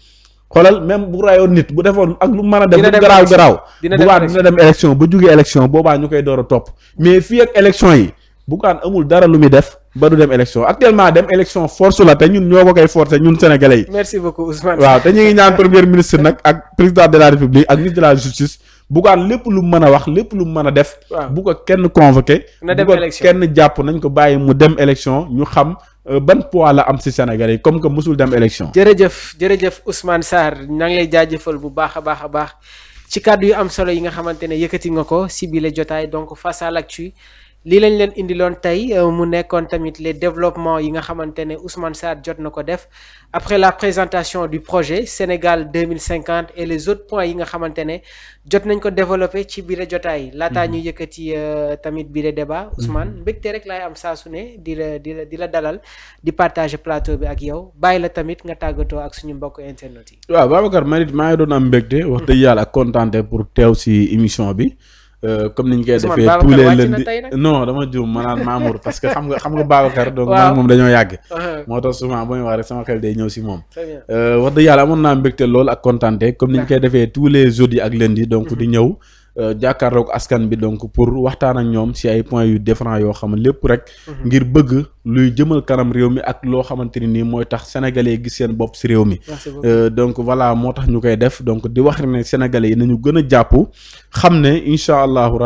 xoolal même bu rayoon nit bu defoon ak lu mën a def lu garaaw garaaw bugaan dina ba jógee élection boobaa ñu koy door a topp mais fii ak élection yi bugaan amul dara lu muy def ba du dem élection actuellement dem élection force la te ñun ñoo ko koy forcé ñun sénégalais yi merci beaucoup Ousmane waaw te ñu ngi ñaan premier ministre nag ak président de la république ak ministre de la justice bugaan lépp lu mën a wax lépp lu mën a def bu ko kenn convoqué bu ko kenn jàpp nañ ko bàyyi mu dem élection ñu xam Euh, ban poids la am si Sénégal yi comme que mosul dem élection. jërëjëf jërëjëf Ousmane Sarr ñaa ngi lay jaajëfal bu baax a baax a baax ci kàddu yu am solo yi nga xamante ne yëkkati nga ko si jotaay donc face à lii lañ leen indiloon tey euh, mu nekkoon tamit les développement yi nga xamante ne Ousmane Sarr jot na ko def après la présentation du projet Sénégal 2050 et les autres points yi nga xamante ne jot nañ ko développé ci biir jotaay laataa mhm. ñu yëkkati euh, tamit biir débat mhm. Ousmane mbégte rek laay am saa su ne di la di la di la dalal di partage plateau bi ak yow bàyyi la tamit nga tàggatoo ak suñu mbokk internet yi. waaw Babacar man it maa ngi doon am mbégte wax dëgg yàlla ak kontaan pour teew si émission bi. Euh, comme ni ñu koy defee tous les lundis non dama juum maanaam Mamour parce que xam nga xam nga Babacar donc moom dañoo yàgg [laughs] uh-huh. moo tax souvent bu muy wax rek sama xel day ñëw si moom euh, wax dëgg yàlla amoon naa mbégte lool ak kontaante comme ni ñu koy defee tous les jeudis ak lundi donc mm-hmm. di ñëw Euh, jàkkaarloog askan bi donc pour waxtaan ak ñoom si ay point yu différents yoo xam lépp rek. Mhm. ngir bëgg luy jëmal kanam réew mi ak loo xamante ni nii mooy tax sénégalais yi gis seen bopp si réew mi. Euh, donc voilà moo tax ñu koy def donc di wax ne sénégalais yi nañu gën a jàpp xam ne incha allahu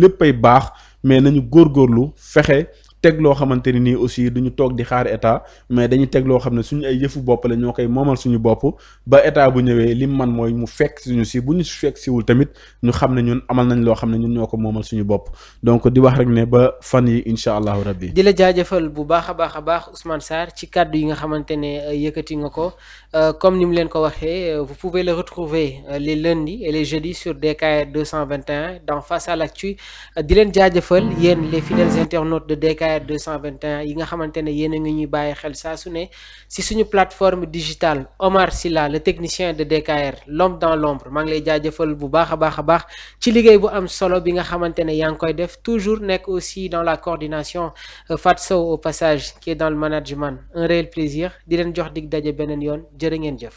lépp ay baax mais nañu góorlu fexe. teg loo xamante ni nii aussi duñu toog di xaar état mais dañu teg loo xam ne suñu ay yëfu bopp la ñoo koy moomal suñu bopp ba état bu ñëwee li man mooy mu fekk suñu si bu ñu fekk siwul tamit ñu xam ne ñun amal nañ loo xam ne ñun ñoo ko moomal suñu bopp donc di wax rek ne ba fan yi incha allahu rabbi di la jaajëfal bu baax a baax a baax Ousmane Sarr ci kàddu yi nga xamante ne euh, yëkkati nga ko euh, comme ni mu leen ko waxee euh, vous pouvez le retrouver les lundis et les sur DKR 221 dans face à l'actu di leen jaajëfal yéen les fidèles internautes de HR 221 yi nga xamante ne yéen a ñuy bàyyi xel saa su ne si suñu plateforme digitale Omar Sylla le technicien de DKR l'homme dans l'ombre maa ngi lay jaajëfal bu baax a baax a baax ci liggéey bu am solo bi nga xamante ne yaa ngi koy def toujours nekk aussi dans la coordination euh, Fat Sow au passage qui est dans le management un réel plaisir di leen jox dig daje beneen yoon jërë ngeen jëf